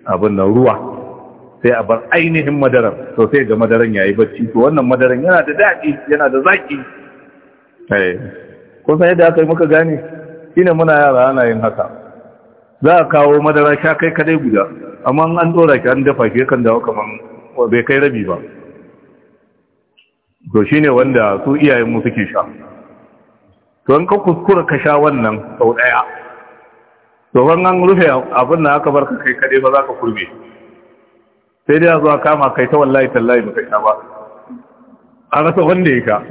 A: abin nan ruwa sai a bar ainihin madarar to da ga madaran yayi barci, to wannan madaran yana da daɗi yana da zaki eh kun san yadda aka yi muka gane ina muna yara ana yin haka za a kawo madara sha kai kadai guda amma an dora ki an dafa ki kan dawo kaman bai kai rabi ba to shi ne wanda su iyayen mu suke sha to ka kuskura ka sha wannan sau daya to ban an rufe abin da aka bar ka kai kade ba za ka kurbe sai dai zuwa kama kai ta wallahi tallahi kai sha ba a rasa wanda ya ka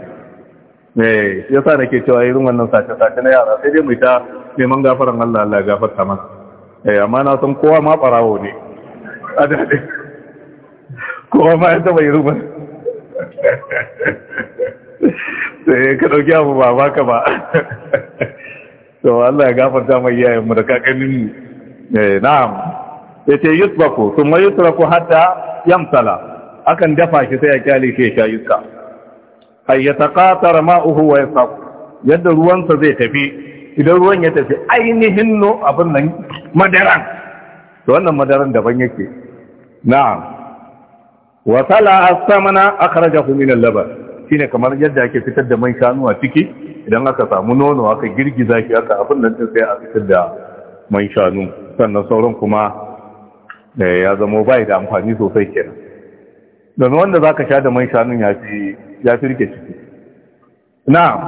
A: sa da nake cewa irin wannan sace sace na yara sai dai mu ta neman gafaran Allah Allah ya gafarta mana eh amma na san kowa ma barawo ne a dade kowa ma ya taba irin wannan sai eh, ka dauki abu ba baka ba to Allah ya gafarta mai yayin mu da kakannin eh na'am yace yusbaku thumma yusraku hatta yamsala akan dafa shi sai ya kyale shi ya iska ay yataqatar ma'uhu wa yasaq yadda ruwansa zai tafi idan ruwan ya tafi ainihin no abin nan madaran to wannan madaran daban yake na'am wa tala as-samana akhrajahu min al labas shine kamar yadda ake fitar da man shanu a ciki idan aka samu nono aka girgiza shi aka abin nan din sai a fitar da man shanu sannan sauran kuma eh, ya zama bai da amfani sosai kenan don wanda zaka sha da man shanun ya fi rike ciki na'am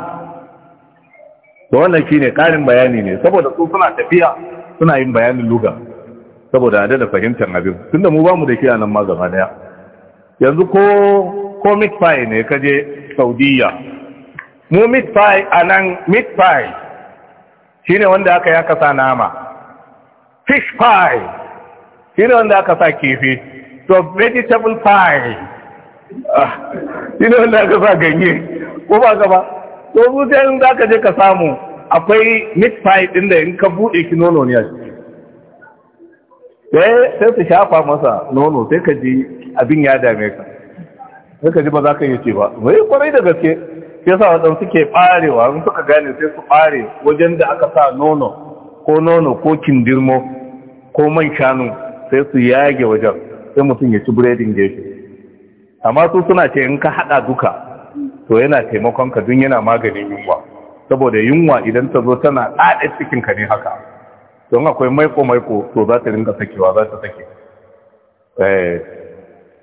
A: to wannan shine karin bayani ne saboda su suna tafiya suna yin bayanin luga saboda da da fahimtar abin tunda mu bamu da shi a nan ma gaba daya yanzu ko ko meat pie ne kaje saudiya mu mitfai pie a nan meat shi ne wanda aka ya kasa sa nama fish pie shi ne wanda aka sa kifi to vegetable pie ah, shi ne wanda aka sa ganye ko ba gaba to zuciya yin za ka je ka samu akwai mitfai ɗin da in ka buɗe ki nono ne a shi Eh, sai su shafa masa nono sai ka ji abin ya dame ka sai ka ji ba za ka yi ce ba wai kwarai da gaske Ke sa waɗansu suke ɓarewa, in suka gane sai su ɓare wajen da aka sa nono ko nono ko kindirmo ko man shanu sai su yage wajen sai mutum ya ci biredin gefe amma su suna ce in ka haɗa duka to yana taimakon ka dun yana maganin yunwa saboda yunwa idan ta zo tana ɗaɗa cikin ka ne haka don akwai maiko-maiko to za ta ringa sakewa za ta sake eh,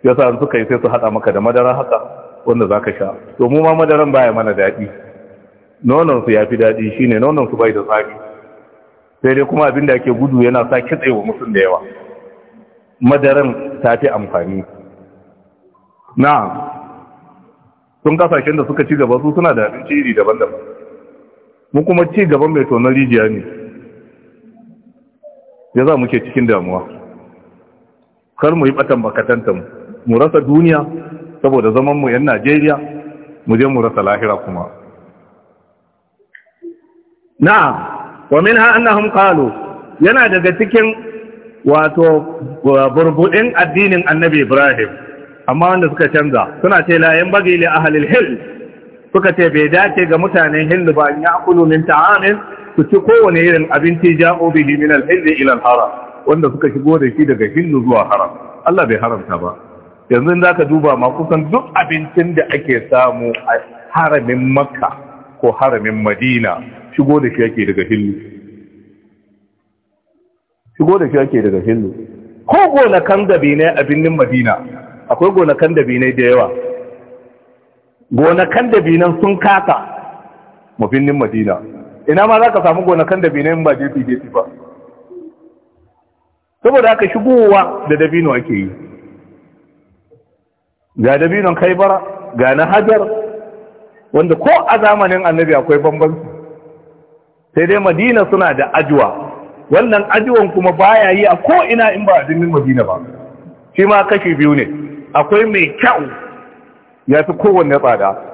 A: ya sa suka yi sai su haɗa maka da madara haka wanda za ka sha to mu ma madaran baya mana daɗi nononsu ya fi daɗi shi ne nononsu bai da tsari sai dai kuma abinda ake gudu yana sa kitse wa mutum da yawa madaran ta fi amfani na sun kasashen da suka ci gaba su suna da abinci iri daban-daban mu kuma ci gaban mai tonar rijiya ne ya za muke cikin damuwa kar mu yi batan bakatanta mu rasa duniya saboda zaman mu yan Najeriya mu je mu rasa lahira kuma na'am wa minha annahum qalu yana daga cikin wato burbudin addinin Annabi Ibrahim amma wanda suka canza suna ce la yan bagi li ahli al-hil suka ce bai dace ga mutanen Hindu ba in ya akulu min ta'amin su ci kowane irin abinci ja bihi min al ila alhara wanda suka shigo da shi daga hindu zuwa haram Allah bai haramta ba yanzu ka duba ma kusan duk abincin da ake samu a haramin makka ko haramin madina shigo da shi yake daga hindu shigo da shi yake daga hindu ko gonakan dabi ne a birnin madina akwai gonakan dabi ne da yawa gonakan dabi nan sun kasa mu madina ina ma za ka samu gonakan dabinai ba jefi jefi ba saboda haka shigowa da dabino ake yi ga dabinon bara, ga na hajar wanda ko a zamanin annabi akwai bambanci sai dai madina suna da ajuwa wannan ajuwan kuma baya yi a ko ina in ba a jirgin madina ba shi ma kashi biyu ne akwai mai kyau ya fi kowanne tsada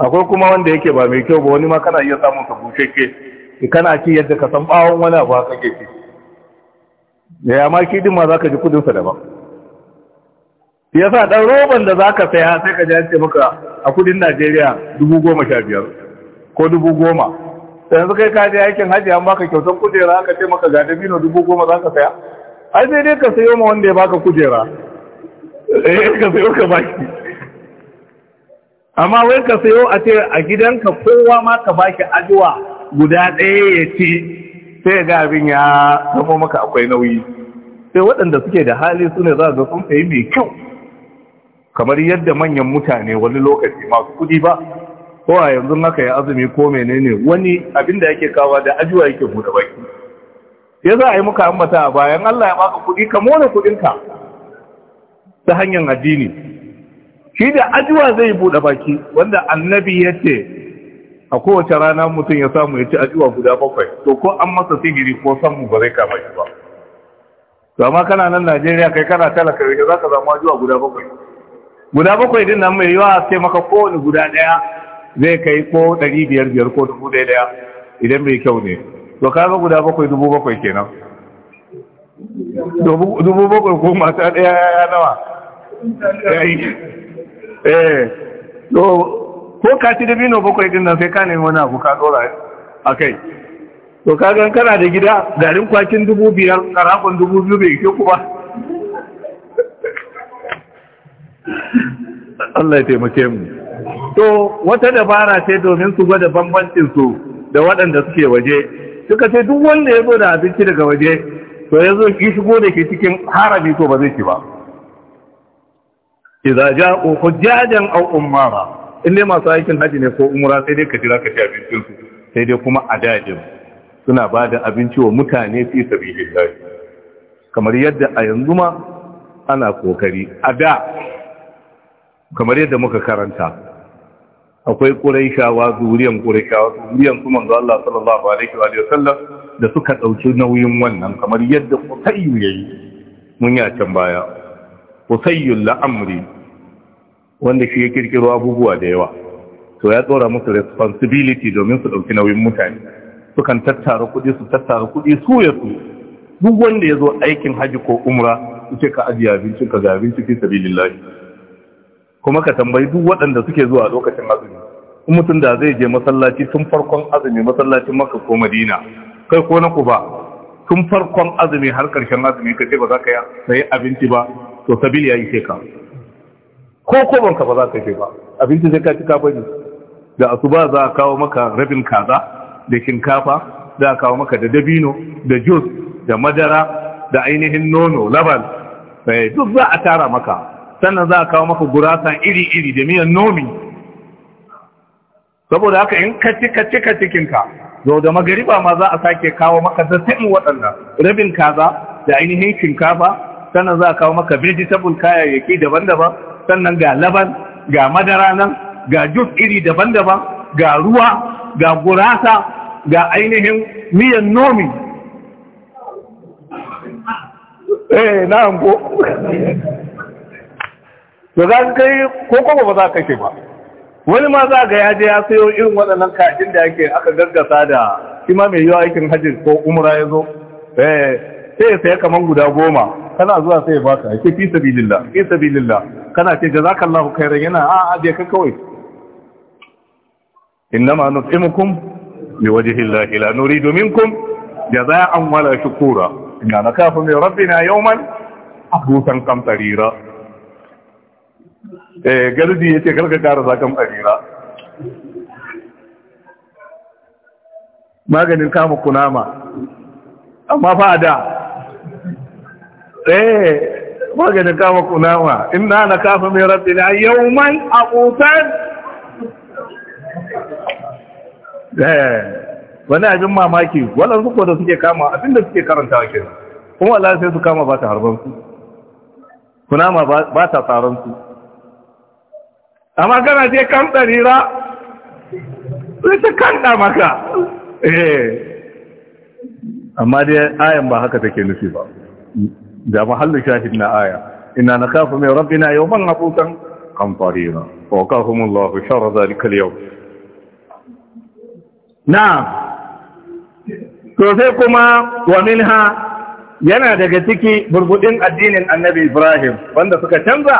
A: akwai kuma wanda yake ba mai kyau ba wani ma kana iya samun ka bushashe kana ci yadda ka san bawon wani abu haka ke ci da ya shi din ma zaka ji kudin sa daban yasa dan roban da zaka saya sai ka ji maka a kudin Najeriya 10,015 ko 10,000 yanzu kai ka je aikin haji an baka kyautan kujera aka ce maka ga dabino 10,000 zaka saya ai sai dai ka sayo ma wanda ya baka kujera eh ka sayo ka baki amma wai ka sayo a ce a gidanka kowa ma ka baki aduwa guda ɗaya ya ce sai ga abin ya zama maka akwai nauyi sai waɗanda suke da hali su ne za ga sun sayi mai kyau kamar yadda manyan mutane wani lokaci masu kuɗi ba ko yanzu haka ya azumi ko menene wani abin da yake kawo da ajiwa yake buɗe baki ya za a yi muka ambata bayan Allah ya baka kuɗi ka more kuɗinka ta hanyar addini shi da ajiwa zai buɗe baki wanda annabi ya ce a kowace rana mutum ya samu ya ci ajiwa guda bakwai to ko an masa sigiri ko samu ba zai kama shi ba to amma kana nan Najeriya kai kana talaka yake ka samu ajiwa guda bakwai guda bakwai din nan mai yawa sai maka kowane guda ɗaya zai kai ko ɗari biyar biyar ko dubu ɗaya ɗaya idan mai kyau ne to kaga guda bakwai dubu bakwai kenan dubu bakwai ko mata ɗaya ya nawa eh to ko ka ci dabino bakwai din nan sai ka nemi wani abu ka dora a kai to ka gan kana da gida garin kwakin dubu biyar karakon dubu biyu bai ke ku ba Allah ya taimake mu to wata dabara ce domin su gwada bambancin su da waɗanda suke waje suka ce duk wanda ya zo da abinci daga waje to ya zo ki shigo da ke cikin harami to ba zai ci ba idza ja'u hujjajan aw umara in dai masu aikin haji ne ko umura? sai dai ka jira ka ci abincin su sai dai kuma adajin suna ba da abinci wa mutane fi sabilillah kamar yadda a yanzu ma ana kokari a da kamar yadda muka karanta akwai ƙuraishawa zuriyan ƙuraishawa zuriyan su manzo Allah sallallahu alaihi wa sallam da suka ɗauki nauyin wannan kamar yadda Qutayyu yayi mun ya can baya husayyun la'amri wanda shi ya kirkiro abubuwa da yawa to ya tsora musu responsibility domin su ɗauki nauyin mutane sukan tattara kuɗi su tattara kuɗi su ya su duk wanda ya zo aikin haji ko umra ce ka ajiye abincin ka ga abinci fi sabilillahi kuma ka tambayi duk waɗanda suke zuwa lokacin azumi in mutum da zai je masallaci tun farkon azumi masallacin makka ko madina kai ko na ku ba, tun farkon azumi har karshen azumi ka ce ba za ka yi abinci ba to sabili ya yi ka ko koban ka ba za ka ce ba abinci zai kaci kafa ne. da asuba za a kawo maka rabin kaza da shinkafa za a kawo maka da dabino da jus da madara da ainihin nono laban eh, duk za a tara maka sannan za a kawo maka gurasa iri-iri da miyan nomi saboda haka in ka cika cika ka zo da magariba ma za a sake kawo maka da sa'in waɗannan rabin kaza da ainihin shinkafa sannan za a kawo maka vegetable kayayyaki daban-daban sannan ga laban ga madara nan ga jus iri daban-daban ga ruwa ga gurasa ga ainihin miyan nomi eh na ambo. to za ka kai ko kuma ba za ka ke ba wani ma za ga yaje ya sayo irin waɗannan kajin da yake aka gaggasa da kima mai yiwa aikin hajji ko umra ya zo eh sai ya saya kamar guda goma kana zuwa sai ya baka ake fi sabilillah fi sabilillah kana ce jazakallahu khairan yana a a je ka kawai innama nut'imukum liwajhillahi la nuridu minkum jazaa'an wala shukura inna nakafu min rabbina yawman abusan kamtarira eh gardi yace karka kara zakan tsarira maganin kama kunama amma fa da eh maganin kama kunama inna na kafa mai rabbi na yawman akutan eh wani abin mamaki wannan suko da suke kama abinda suke karantawa kenan kuma Allah sai su kama ba ta harban su kunama ba ta tsaron su amma kana je kan tsarira sai ta kanta maka eh amma dai ayan ba haka take nufi ba da mahallu shahid na aya ina na min rabbina yawman abukan qamtarira wa qahum Allah sharra zalika al yau. na'am sosai sai kuma wa minha yana daga ciki burbudin addinin annabi Ibrahim wanda suka canza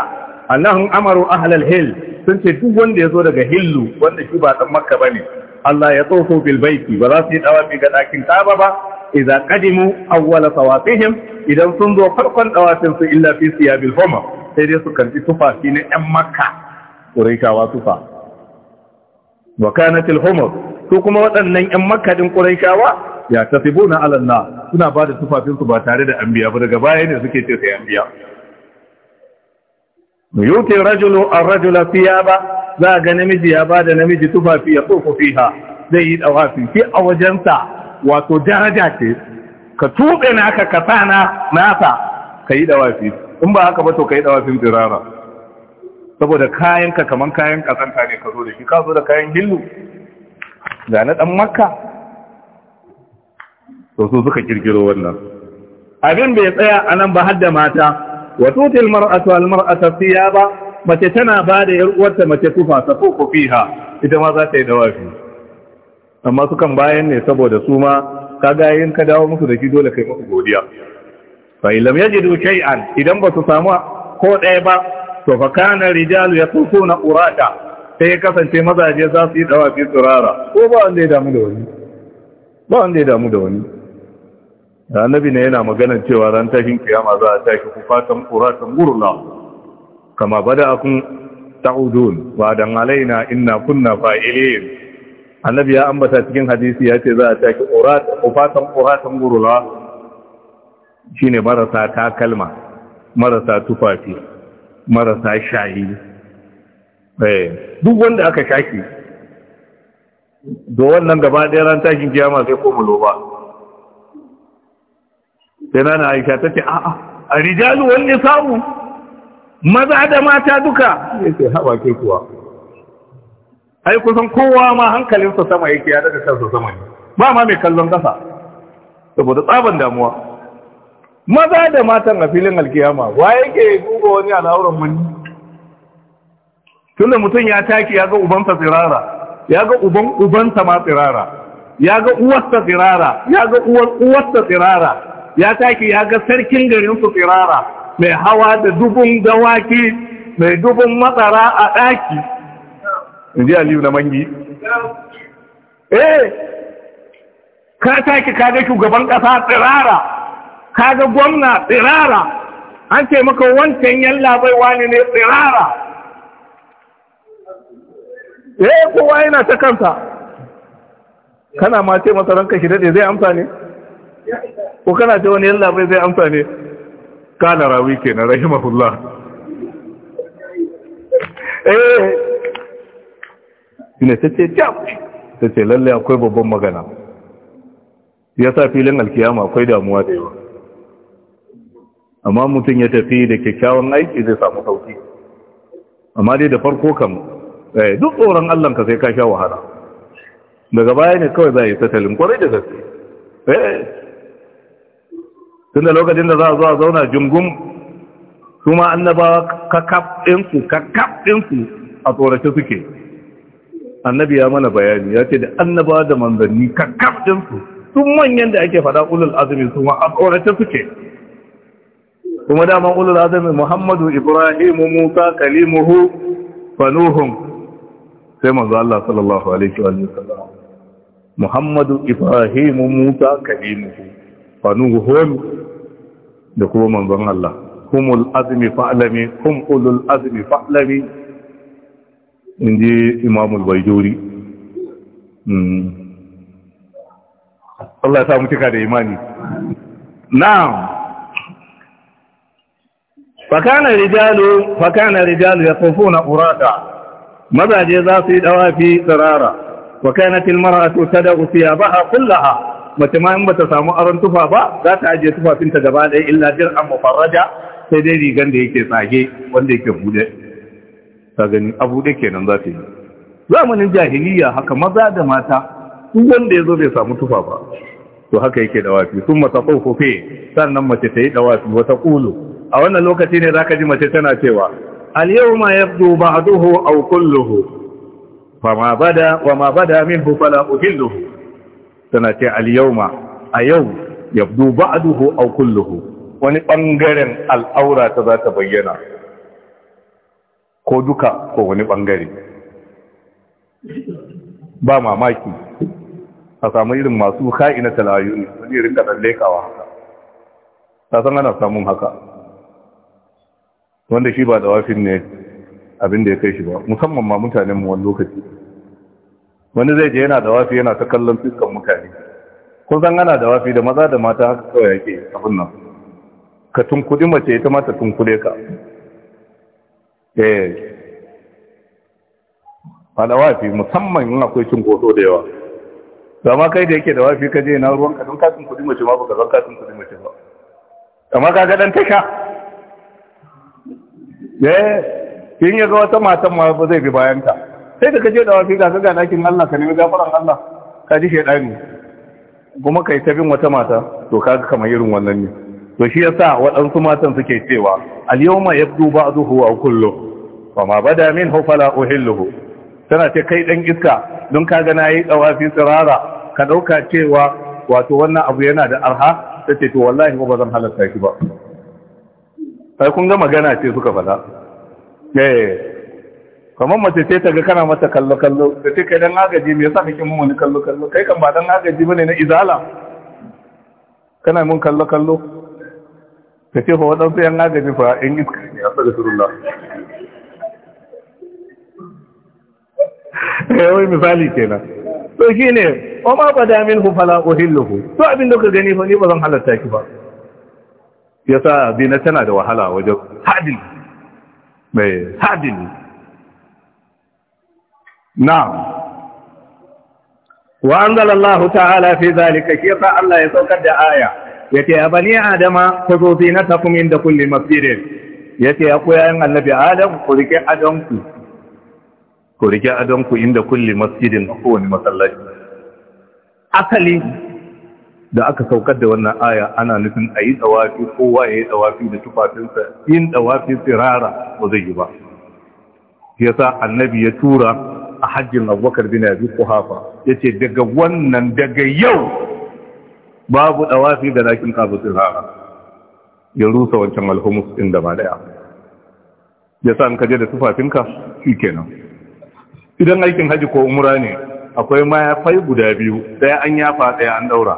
A: annahum amaru ahlal hil sun ce duk wanda ya zo daga hillu wanda shi ba dan makka bane Allah ya tsofo bil ba za su yi dawafi ga dakin Kaaba ba idza qadimu awwala tawafihim idan sun zo farkon tawafin su illa fi siyabil huma sai dai su karbi tufafi na ɗan makka quraishawa tufa wa kanat al su kuma waɗannan ɗan makka din quraishawa ya tasibuna ala na suna bada tufafinsu ba tare da anbiya ba daga baya ne suke ce sai anbiya yuti rajulu ar-rajula ba, za a ga namiji ya ba da namiji tufafi ya tsofa fiha zai yi dawafi fi a wajensa wato daraja ce ka tuɓe naka ka sa na nasa ka yi dawafi in ba haka ba to ka yi dawafin tsirara saboda kayanka kaman kayan ƙasanta ne ka zo da shi ka zo da kayan hillu ga na ɗan makka to su suka kirkiro wannan abin bai tsaya a nan ba har da mata wato tilmar atuwalmar ya ba mace tana ba da yar'uwarta mace tufa ta ko fiha ita ma za ta yi dawafi amma sukan bayan ne saboda su ma kaga yin ka dawo musu da shi dole kai musu godiya fa illam yajidu shay'an idan ba su samu ko ɗaya ba to fa kana rijalu yatufuna urata sai kasance mazaje za su yi dawa fi turara ko ba wanda ya damu da wani ba wanda ya damu da wani da annabi ne yana magana cewa ran tashin kiyama za a tashi ku fatan uratan gurla kama bada bada'akum ta'udun wa dan alaina inna kunna fa'ilin annabi ya ambata cikin hadisi ya ce za a taki ƙufatan ƙufatan gurula shi ne marasa takalma marasa tufafi marasa shayi eh, duk wanda aka shaki da wannan gaba ɗaya ran tashin kiyama sai ko mulo ba sai na na aisha ta ce a'a a rijalu wani samu maza da mata duka ya ce haɓa ke kuwa ai kusan kowa ma hankalinsa sama yake ya daga kansa sama ne ba ma mai kallon kasa saboda tsaban damuwa maza da matan a filin alkiyama wa yake duba wani al'auran wani tunda mutum ya taki ya ga ubansa tsirara ya ga uban ubansa ma tsirara ya ga uwarsa tsirara ya ga uwar uwarsa tsirara ya taki ya ga sarkin garin su tsirara mai hawa da dubun dawaki mai dubun matsara a ɗaki Inji aliyu na mangi eh ka take ka ga shugaban ƙasa tsirara ka ga gwamna tsirara an ce maka wancan yalla bai wani ne tsirara eh kowa yana ta kansa kana ma ce masa ranka shi dade zai amsa ne ko kana ce wani yalla bai zai amsa ne kana rawi kenan rahimahullah
B: eh
A: shine ta ce jam ta ce lallai akwai babban magana ya sa filin alkiyama akwai damuwa da yawa amma mutum ya tafi da kyakkyawan aiki zai samu sauki amma dai da farko kam eh, duk tsoron Allah ka sai ka sha wahala daga baya ne kawai za a yi tattalin kwarai da gaske eh. tun da lokacin da za a zo a zauna jungum su annabawa kakaf ɗinsu kakaf ɗinsu a tsorace suke annabi ya mana bayani ya ce da annaba da manzanni kakkaf dinsu sun manyan da ake faɗa ulul azumi su ma a tsoratar suke kuma dama ulul azumi muhammadu ibrahimu musa kalimuhu fanuhun sai manzo Allah sallallahu alaihi wa sallam muhammadu ibrahimu musa kalimuhu fanuhun da kuma manzon Allah humul azumi fa'lami hum ulul azmi fa'lami in ji imamul baijori hmm. Allah ta mutuka da imani na'am fakana rijalu fakana rijalu yaqufuna urata mazaje za su yi dawafi tsirara wa kanat almar'atu tad'u a kullaha mace ma in bata samu aron tufa ba za ta ajiye tufafinta gaba ɗaya illa dir'an mufarraja sai dai rigan da yake tsage wanda yake bude ta gani abu da kenan za ta yi zamanin jahiliya haka maza da mata duk wanda ya zo bai samu tufa ba to haka yake da wafi sun mata kofofe sannan mace ta yi da wafi wata kulu a wannan lokaci ne za ka ji mace tana cewa al a kulluhu bada wa ma bada minhu fala uhilluhu tana ce al-yawma a yau yabdu ba'duhu kulluhu wani ɓangaren al'aura ta za ta bayyana ko duka ko wani bangare ba mamaki a samu irin masu ka'ina ne wani irin ka tsallekawa haka ta san ana samun haka wanda shi ba da wafin ne abin da ya kai shi ba musamman ma mutanenmu wani lokaci wani zai je yana da wafi yana ta kallon fiskan mutane kun san ana da wafi da maza da mata haka kawai yake abin nan ka tunkudi mace ita ma ta tunkude ka eh da wafi musamman yin akwai cinkoso da yawa zama kai da yake da wafi ka je na ruwan ka don katin kudi mace ba baka zan katin kudi mace ba amma ka ga ɗan tasha yi eh. in ya ga wata matan ma ba zai bi bayanta. sai da ka je da wafi ga ga dakin Allah ka nemi gafaran Allah ka ji shedani kuma yi ta bin wata mata to ka ga kamar irin wannan ne to shi yasa waɗansu matan suke cewa al-yawma yabdu ba'dahu wa kullu fa ma bada minhu fala uhilluhu tana ce kai dan iska don kaga nayi dawafi sirara ka dauka cewa wato wannan abu yana da arha tace to wallahi ba zan halarta shi ba sai kun ga magana ce suka faɗa eh kamar mace ce ta ga kana mata kallo kallo ta ce kai dan agaji me yasa kake mun kallo kallo kai kan ba dan agaji bane na izala kana mun kallo kallo ka ce fa waɗansu yan agaji fa in iska
B: ne a tsada surullah
A: eh, yawai misali kenan to shi ne o ma ba damin ku fala uhilluhu to abin da ka gani fa ni ba zan halatta ki ba Ya sa zina tana da wahala wajen hadin mai hadin na wa anzalallahu ta'ala fi zalika shi Allah ya saukar da aya yake ya bani adama ta zo na takum inda kulli masjidin yake ya ku yayin annabi adam ku rike adonku ku rike adonku inda kulle masjidin a kowane masallaci asali da aka saukar da wannan aya ana nufin a yi tsawafi kowa ya yi tsawafi da tufafinsa yin tsawafi tsirara ba zai yi ba yasa annabi ya tura a hajjin abubakar bin abi kuhafa ya ce daga wannan daga yau babu dawafi da lakin kabutin hara ya rusa wancan alhumus din da ba daya ya sa ka je da tufafinka shi kenan idan aikin haji ko umra ne akwai mayafai guda biyu daya an yafa daya an daura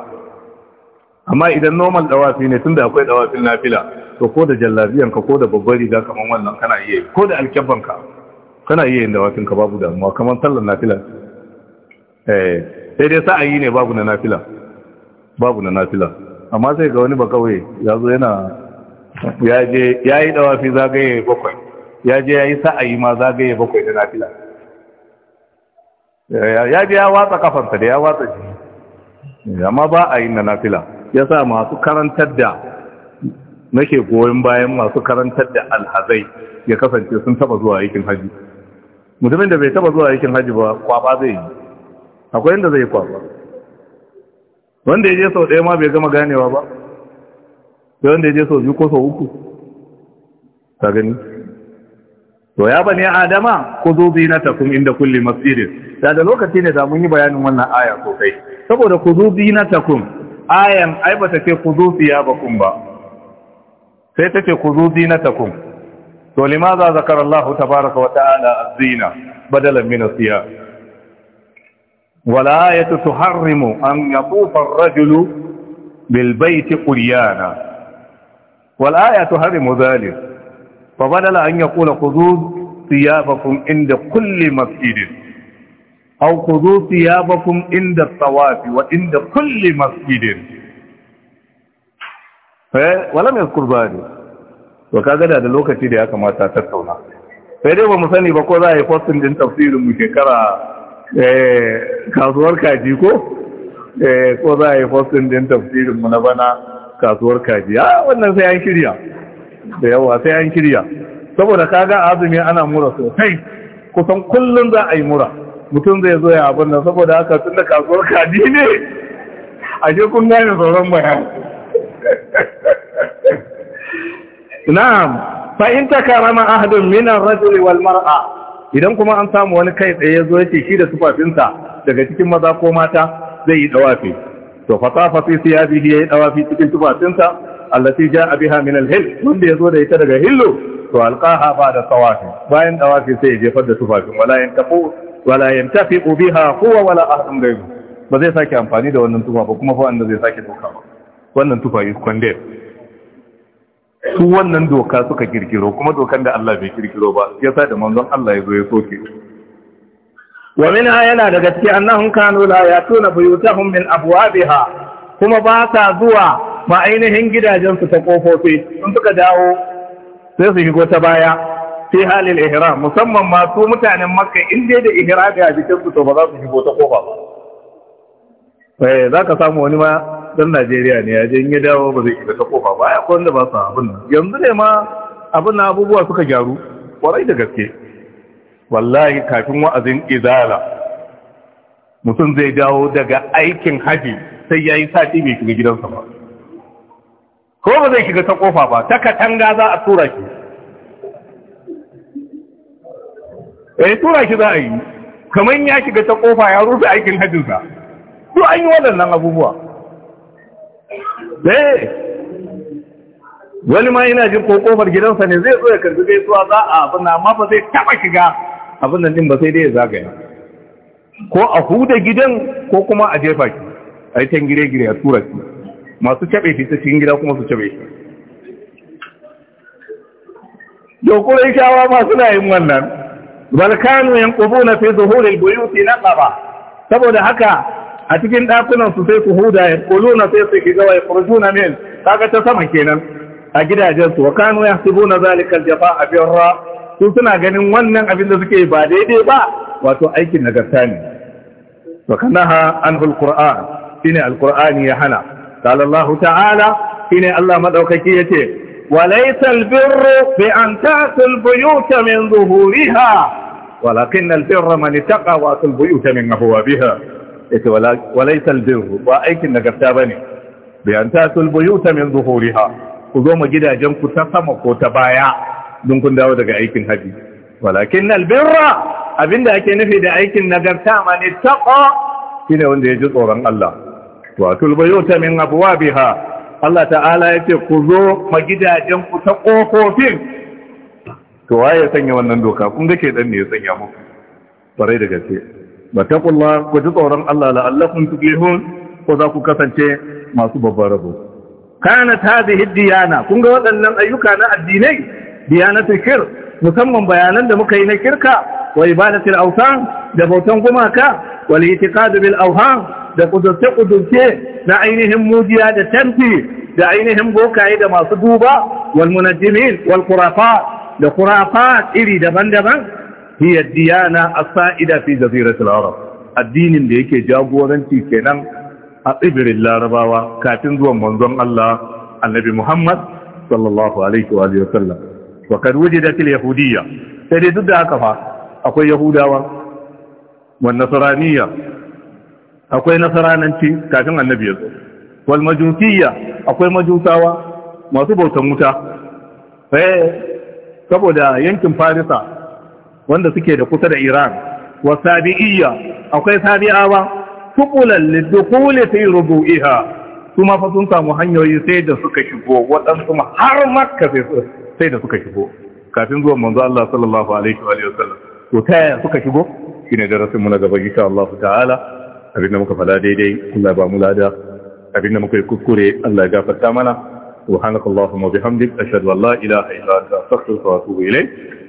A: amma idan normal dawafi ne tunda akwai dawafin nafila to ko da jallabiyanka ko da babbar riga kaman wannan kana iya yi ko da alkyabbanka kana iya yin dawafinka babu damuwa kaman sallar nafila eh sai dai sa'ayi ne babu na nafila babu na nafila amma sai ga wani bakawai ya zo yana ya yi dawafi zagaye bakwai ya je ya yi sa'ayi ma zagaye bakwai da nafila ya je ya watsa kafarsa da ya watsa shi amma ba a yi na nafila ya sa masu karantar da nake goyon bayan masu karantar da alhazai ya kasance sun taba zuwa aikin haji mutumin da bai taba zuwa aikin haji ba kwaba zai yi akwai inda zai kwaba wanda ya je sau ɗaya ma bai gama ganewa ba sai wanda ya je sau biyu ko sau uku ta gani to ya bane adama ku zo takum inda kulli masirin. da da lokaci ne da mun yi bayanin wannan aya sosai saboda ku zo takum ayan ai ba ta ce ku zo siyabakum ba sai ta ce ku zo takum to limaza zakara Allah tabaaraka wa ta'ala az-zina badalan min as-siyab ولا يتحرم ان يطوف الرجل بالبيت قريانا والايه تحرم ذلك فبدل ان يقول خذوا ثيابكم عند كل مسجد او خذوا ثيابكم عند الطواف وعند كل مسجد ولم يذكر ذلك وكذا هذا الوقت اللي أكما تتسونا فإذا ما مساني بقول ذلك فصل من تفسير من شكرا Eh, kasuwar kaji ko eh, ko za a yi fosin din tafsirin tafsirinmu na bana kasuwar kaji a ah, wannan sai an shirya da yawa sai an shirya saboda kaga azumi ana mura sosai kusan kullum za a yi mura mutum zai zo ya abin nan saboda haka tun da kasuwar kaji ne a je kun gane sauran bayan (laughs) na'am fa in takarama ahadun minan rajuli wal mar'a idan kuma an samu wani kai tsaye ya zo ya shi da tufafinsa daga cikin maza ko mata zai yi dawafi to fasafa fi siyabihi yayi dawafi cikin tufafinsa allati jaa biha min al-hil wanda ya zo da ita daga hillo to alqaha ba'da tawafi bayan dawafi sai ya jefar da tufafin wala yantafu wala yantafi biha huwa wala ahadun ghayru ba zai sake amfani da wannan tufa ba kuma fa wanda zai sake doka ba wannan tufa is condemned su wannan doka suka kirkiro kuma dokan da Allah bai kirkiro ba yasa da manzon Allah ya zo ya soke wa min yana da gaske annahum kanu la yatuna buyutahum min abwabiha kuma ba sa zuwa ma ainihin gidajen su ta kofofi sun suka dawo sai su shigo ta baya fi halil ihram musamman ma su mutanen makka in dai da ihrami a jikin su to ba za su shigo ta kofa ba eh za ka samu wani ma dan Najeriya ne ya je in ya dawo ba zai iya ta kofa ba ya kwanda ba su abin nan yanzu ne ma abin na abubuwa suka gyaru kwarai da gaske wallahi kafin wa'azin izala mutum zai dawo daga aikin haji sai ya yi sati mai shiga gidansa ba ko ba zai shiga ta kofa ba ta katanga za a tura shi eh tura shi za a yi kamar ya shiga ta kofa ya rufe aikin hajjinsa duk an yi waɗannan abubuwa ɗaya eh, wani ma yana jin ko kofar gidansa ne zai zo ya zai gaisuwa za a abin amma ba zai taɓa shiga abin nan ɗin ba sai dai ya zagaya ko a huda gidan ko kuma a jefa ki a yi can gire-gire a tura ki masu caɓe shi ta cikin gida kuma su caɓe shi dokurai shawa ma suna yin wannan balkanu yan ƙubu na fi zuhurin buyuti na ƙaba saboda haka a cikin ɗakunan su sai su huda ya kuluna sai su shiga wa furjuna min kaga ta sama kenan a gidajen su wa kanu yahsibuna zalika aljafa'a birra su suna ganin wannan abin da suke ba daidai ba wato aikin nagarta ne wa kanaha anhu alquran shine alqur'ani ya hana qala allah ta'ala shine allah madaukaki yace walaysa albirru bi an ta'tul buyuta min zuhuriha walakin albirra man ittaqa wa atul buyuta min abwabiha yace walaysal birru ba aikin nagarta bane bi an tasul buyuta min ha, ku zo gidajen ku ta sama ko ta baya don kun dawo daga aikin haji walakin albirra abinda ake nufi da aikin nagarta ma ne taqa ne wanda ya ji tsoron Allah wa tul buyuta min abwabiha Allah ta'ala ce ku zo ma gidajen ku ta kofofin to waye sanya wannan doka kun ga ke dan ne ya sanya muku bare da gaske batakullah ku ji tsoron Allah la'allakum tuflihun ko za ku kasance masu babbar rabo kana hadhihi diyana kun ga waɗannan ayyuka na addinai diyanatu shirk musamman bayanan da muka yi na kirka wa ibadatul awsan da bautan gumaka wal itiqad bil awhan da kudurce kudurce na ainihin mujiya da tanfi da ainihin bokaye da masu duba wal munajjimin wal khurafat da khurafat iri daban-daban hiya diyana as-sa'ida fi jaziratil arab addinin da yake jagoranci kenan a tsibirin larabawa kafin zuwan manzon Allah annabi Muhammad sallallahu alaihi wa sallam wa kad wujidat al-yahudiyya sai dai duk da haka fa akwai yahudawa wa nasraniyya akwai nasarananci kafin annabi ya zo wal akwai majusawa masu bautan wuta eh saboda yankin farisa wanda suke da kusa da Iran wa sabi'iyya akwai sabi'awa tuqulan lidukhuli fi rubu'iha kuma fa sun samu hanyoyi sai da suka shigo waɗansu har makka sai da suka shigo kafin zuwa manzo Allah sallallahu alaihi wa sallam to ta suka shigo shine darasin mu na gaba insha Allah ta'ala abinda muka fada daidai Allah ba mu lada abinda muka yi kuskure Allah ya gafarta mana subhanakallahumma bihamdik ashhadu an la ilaha illa anta astaghfiruka wa atubu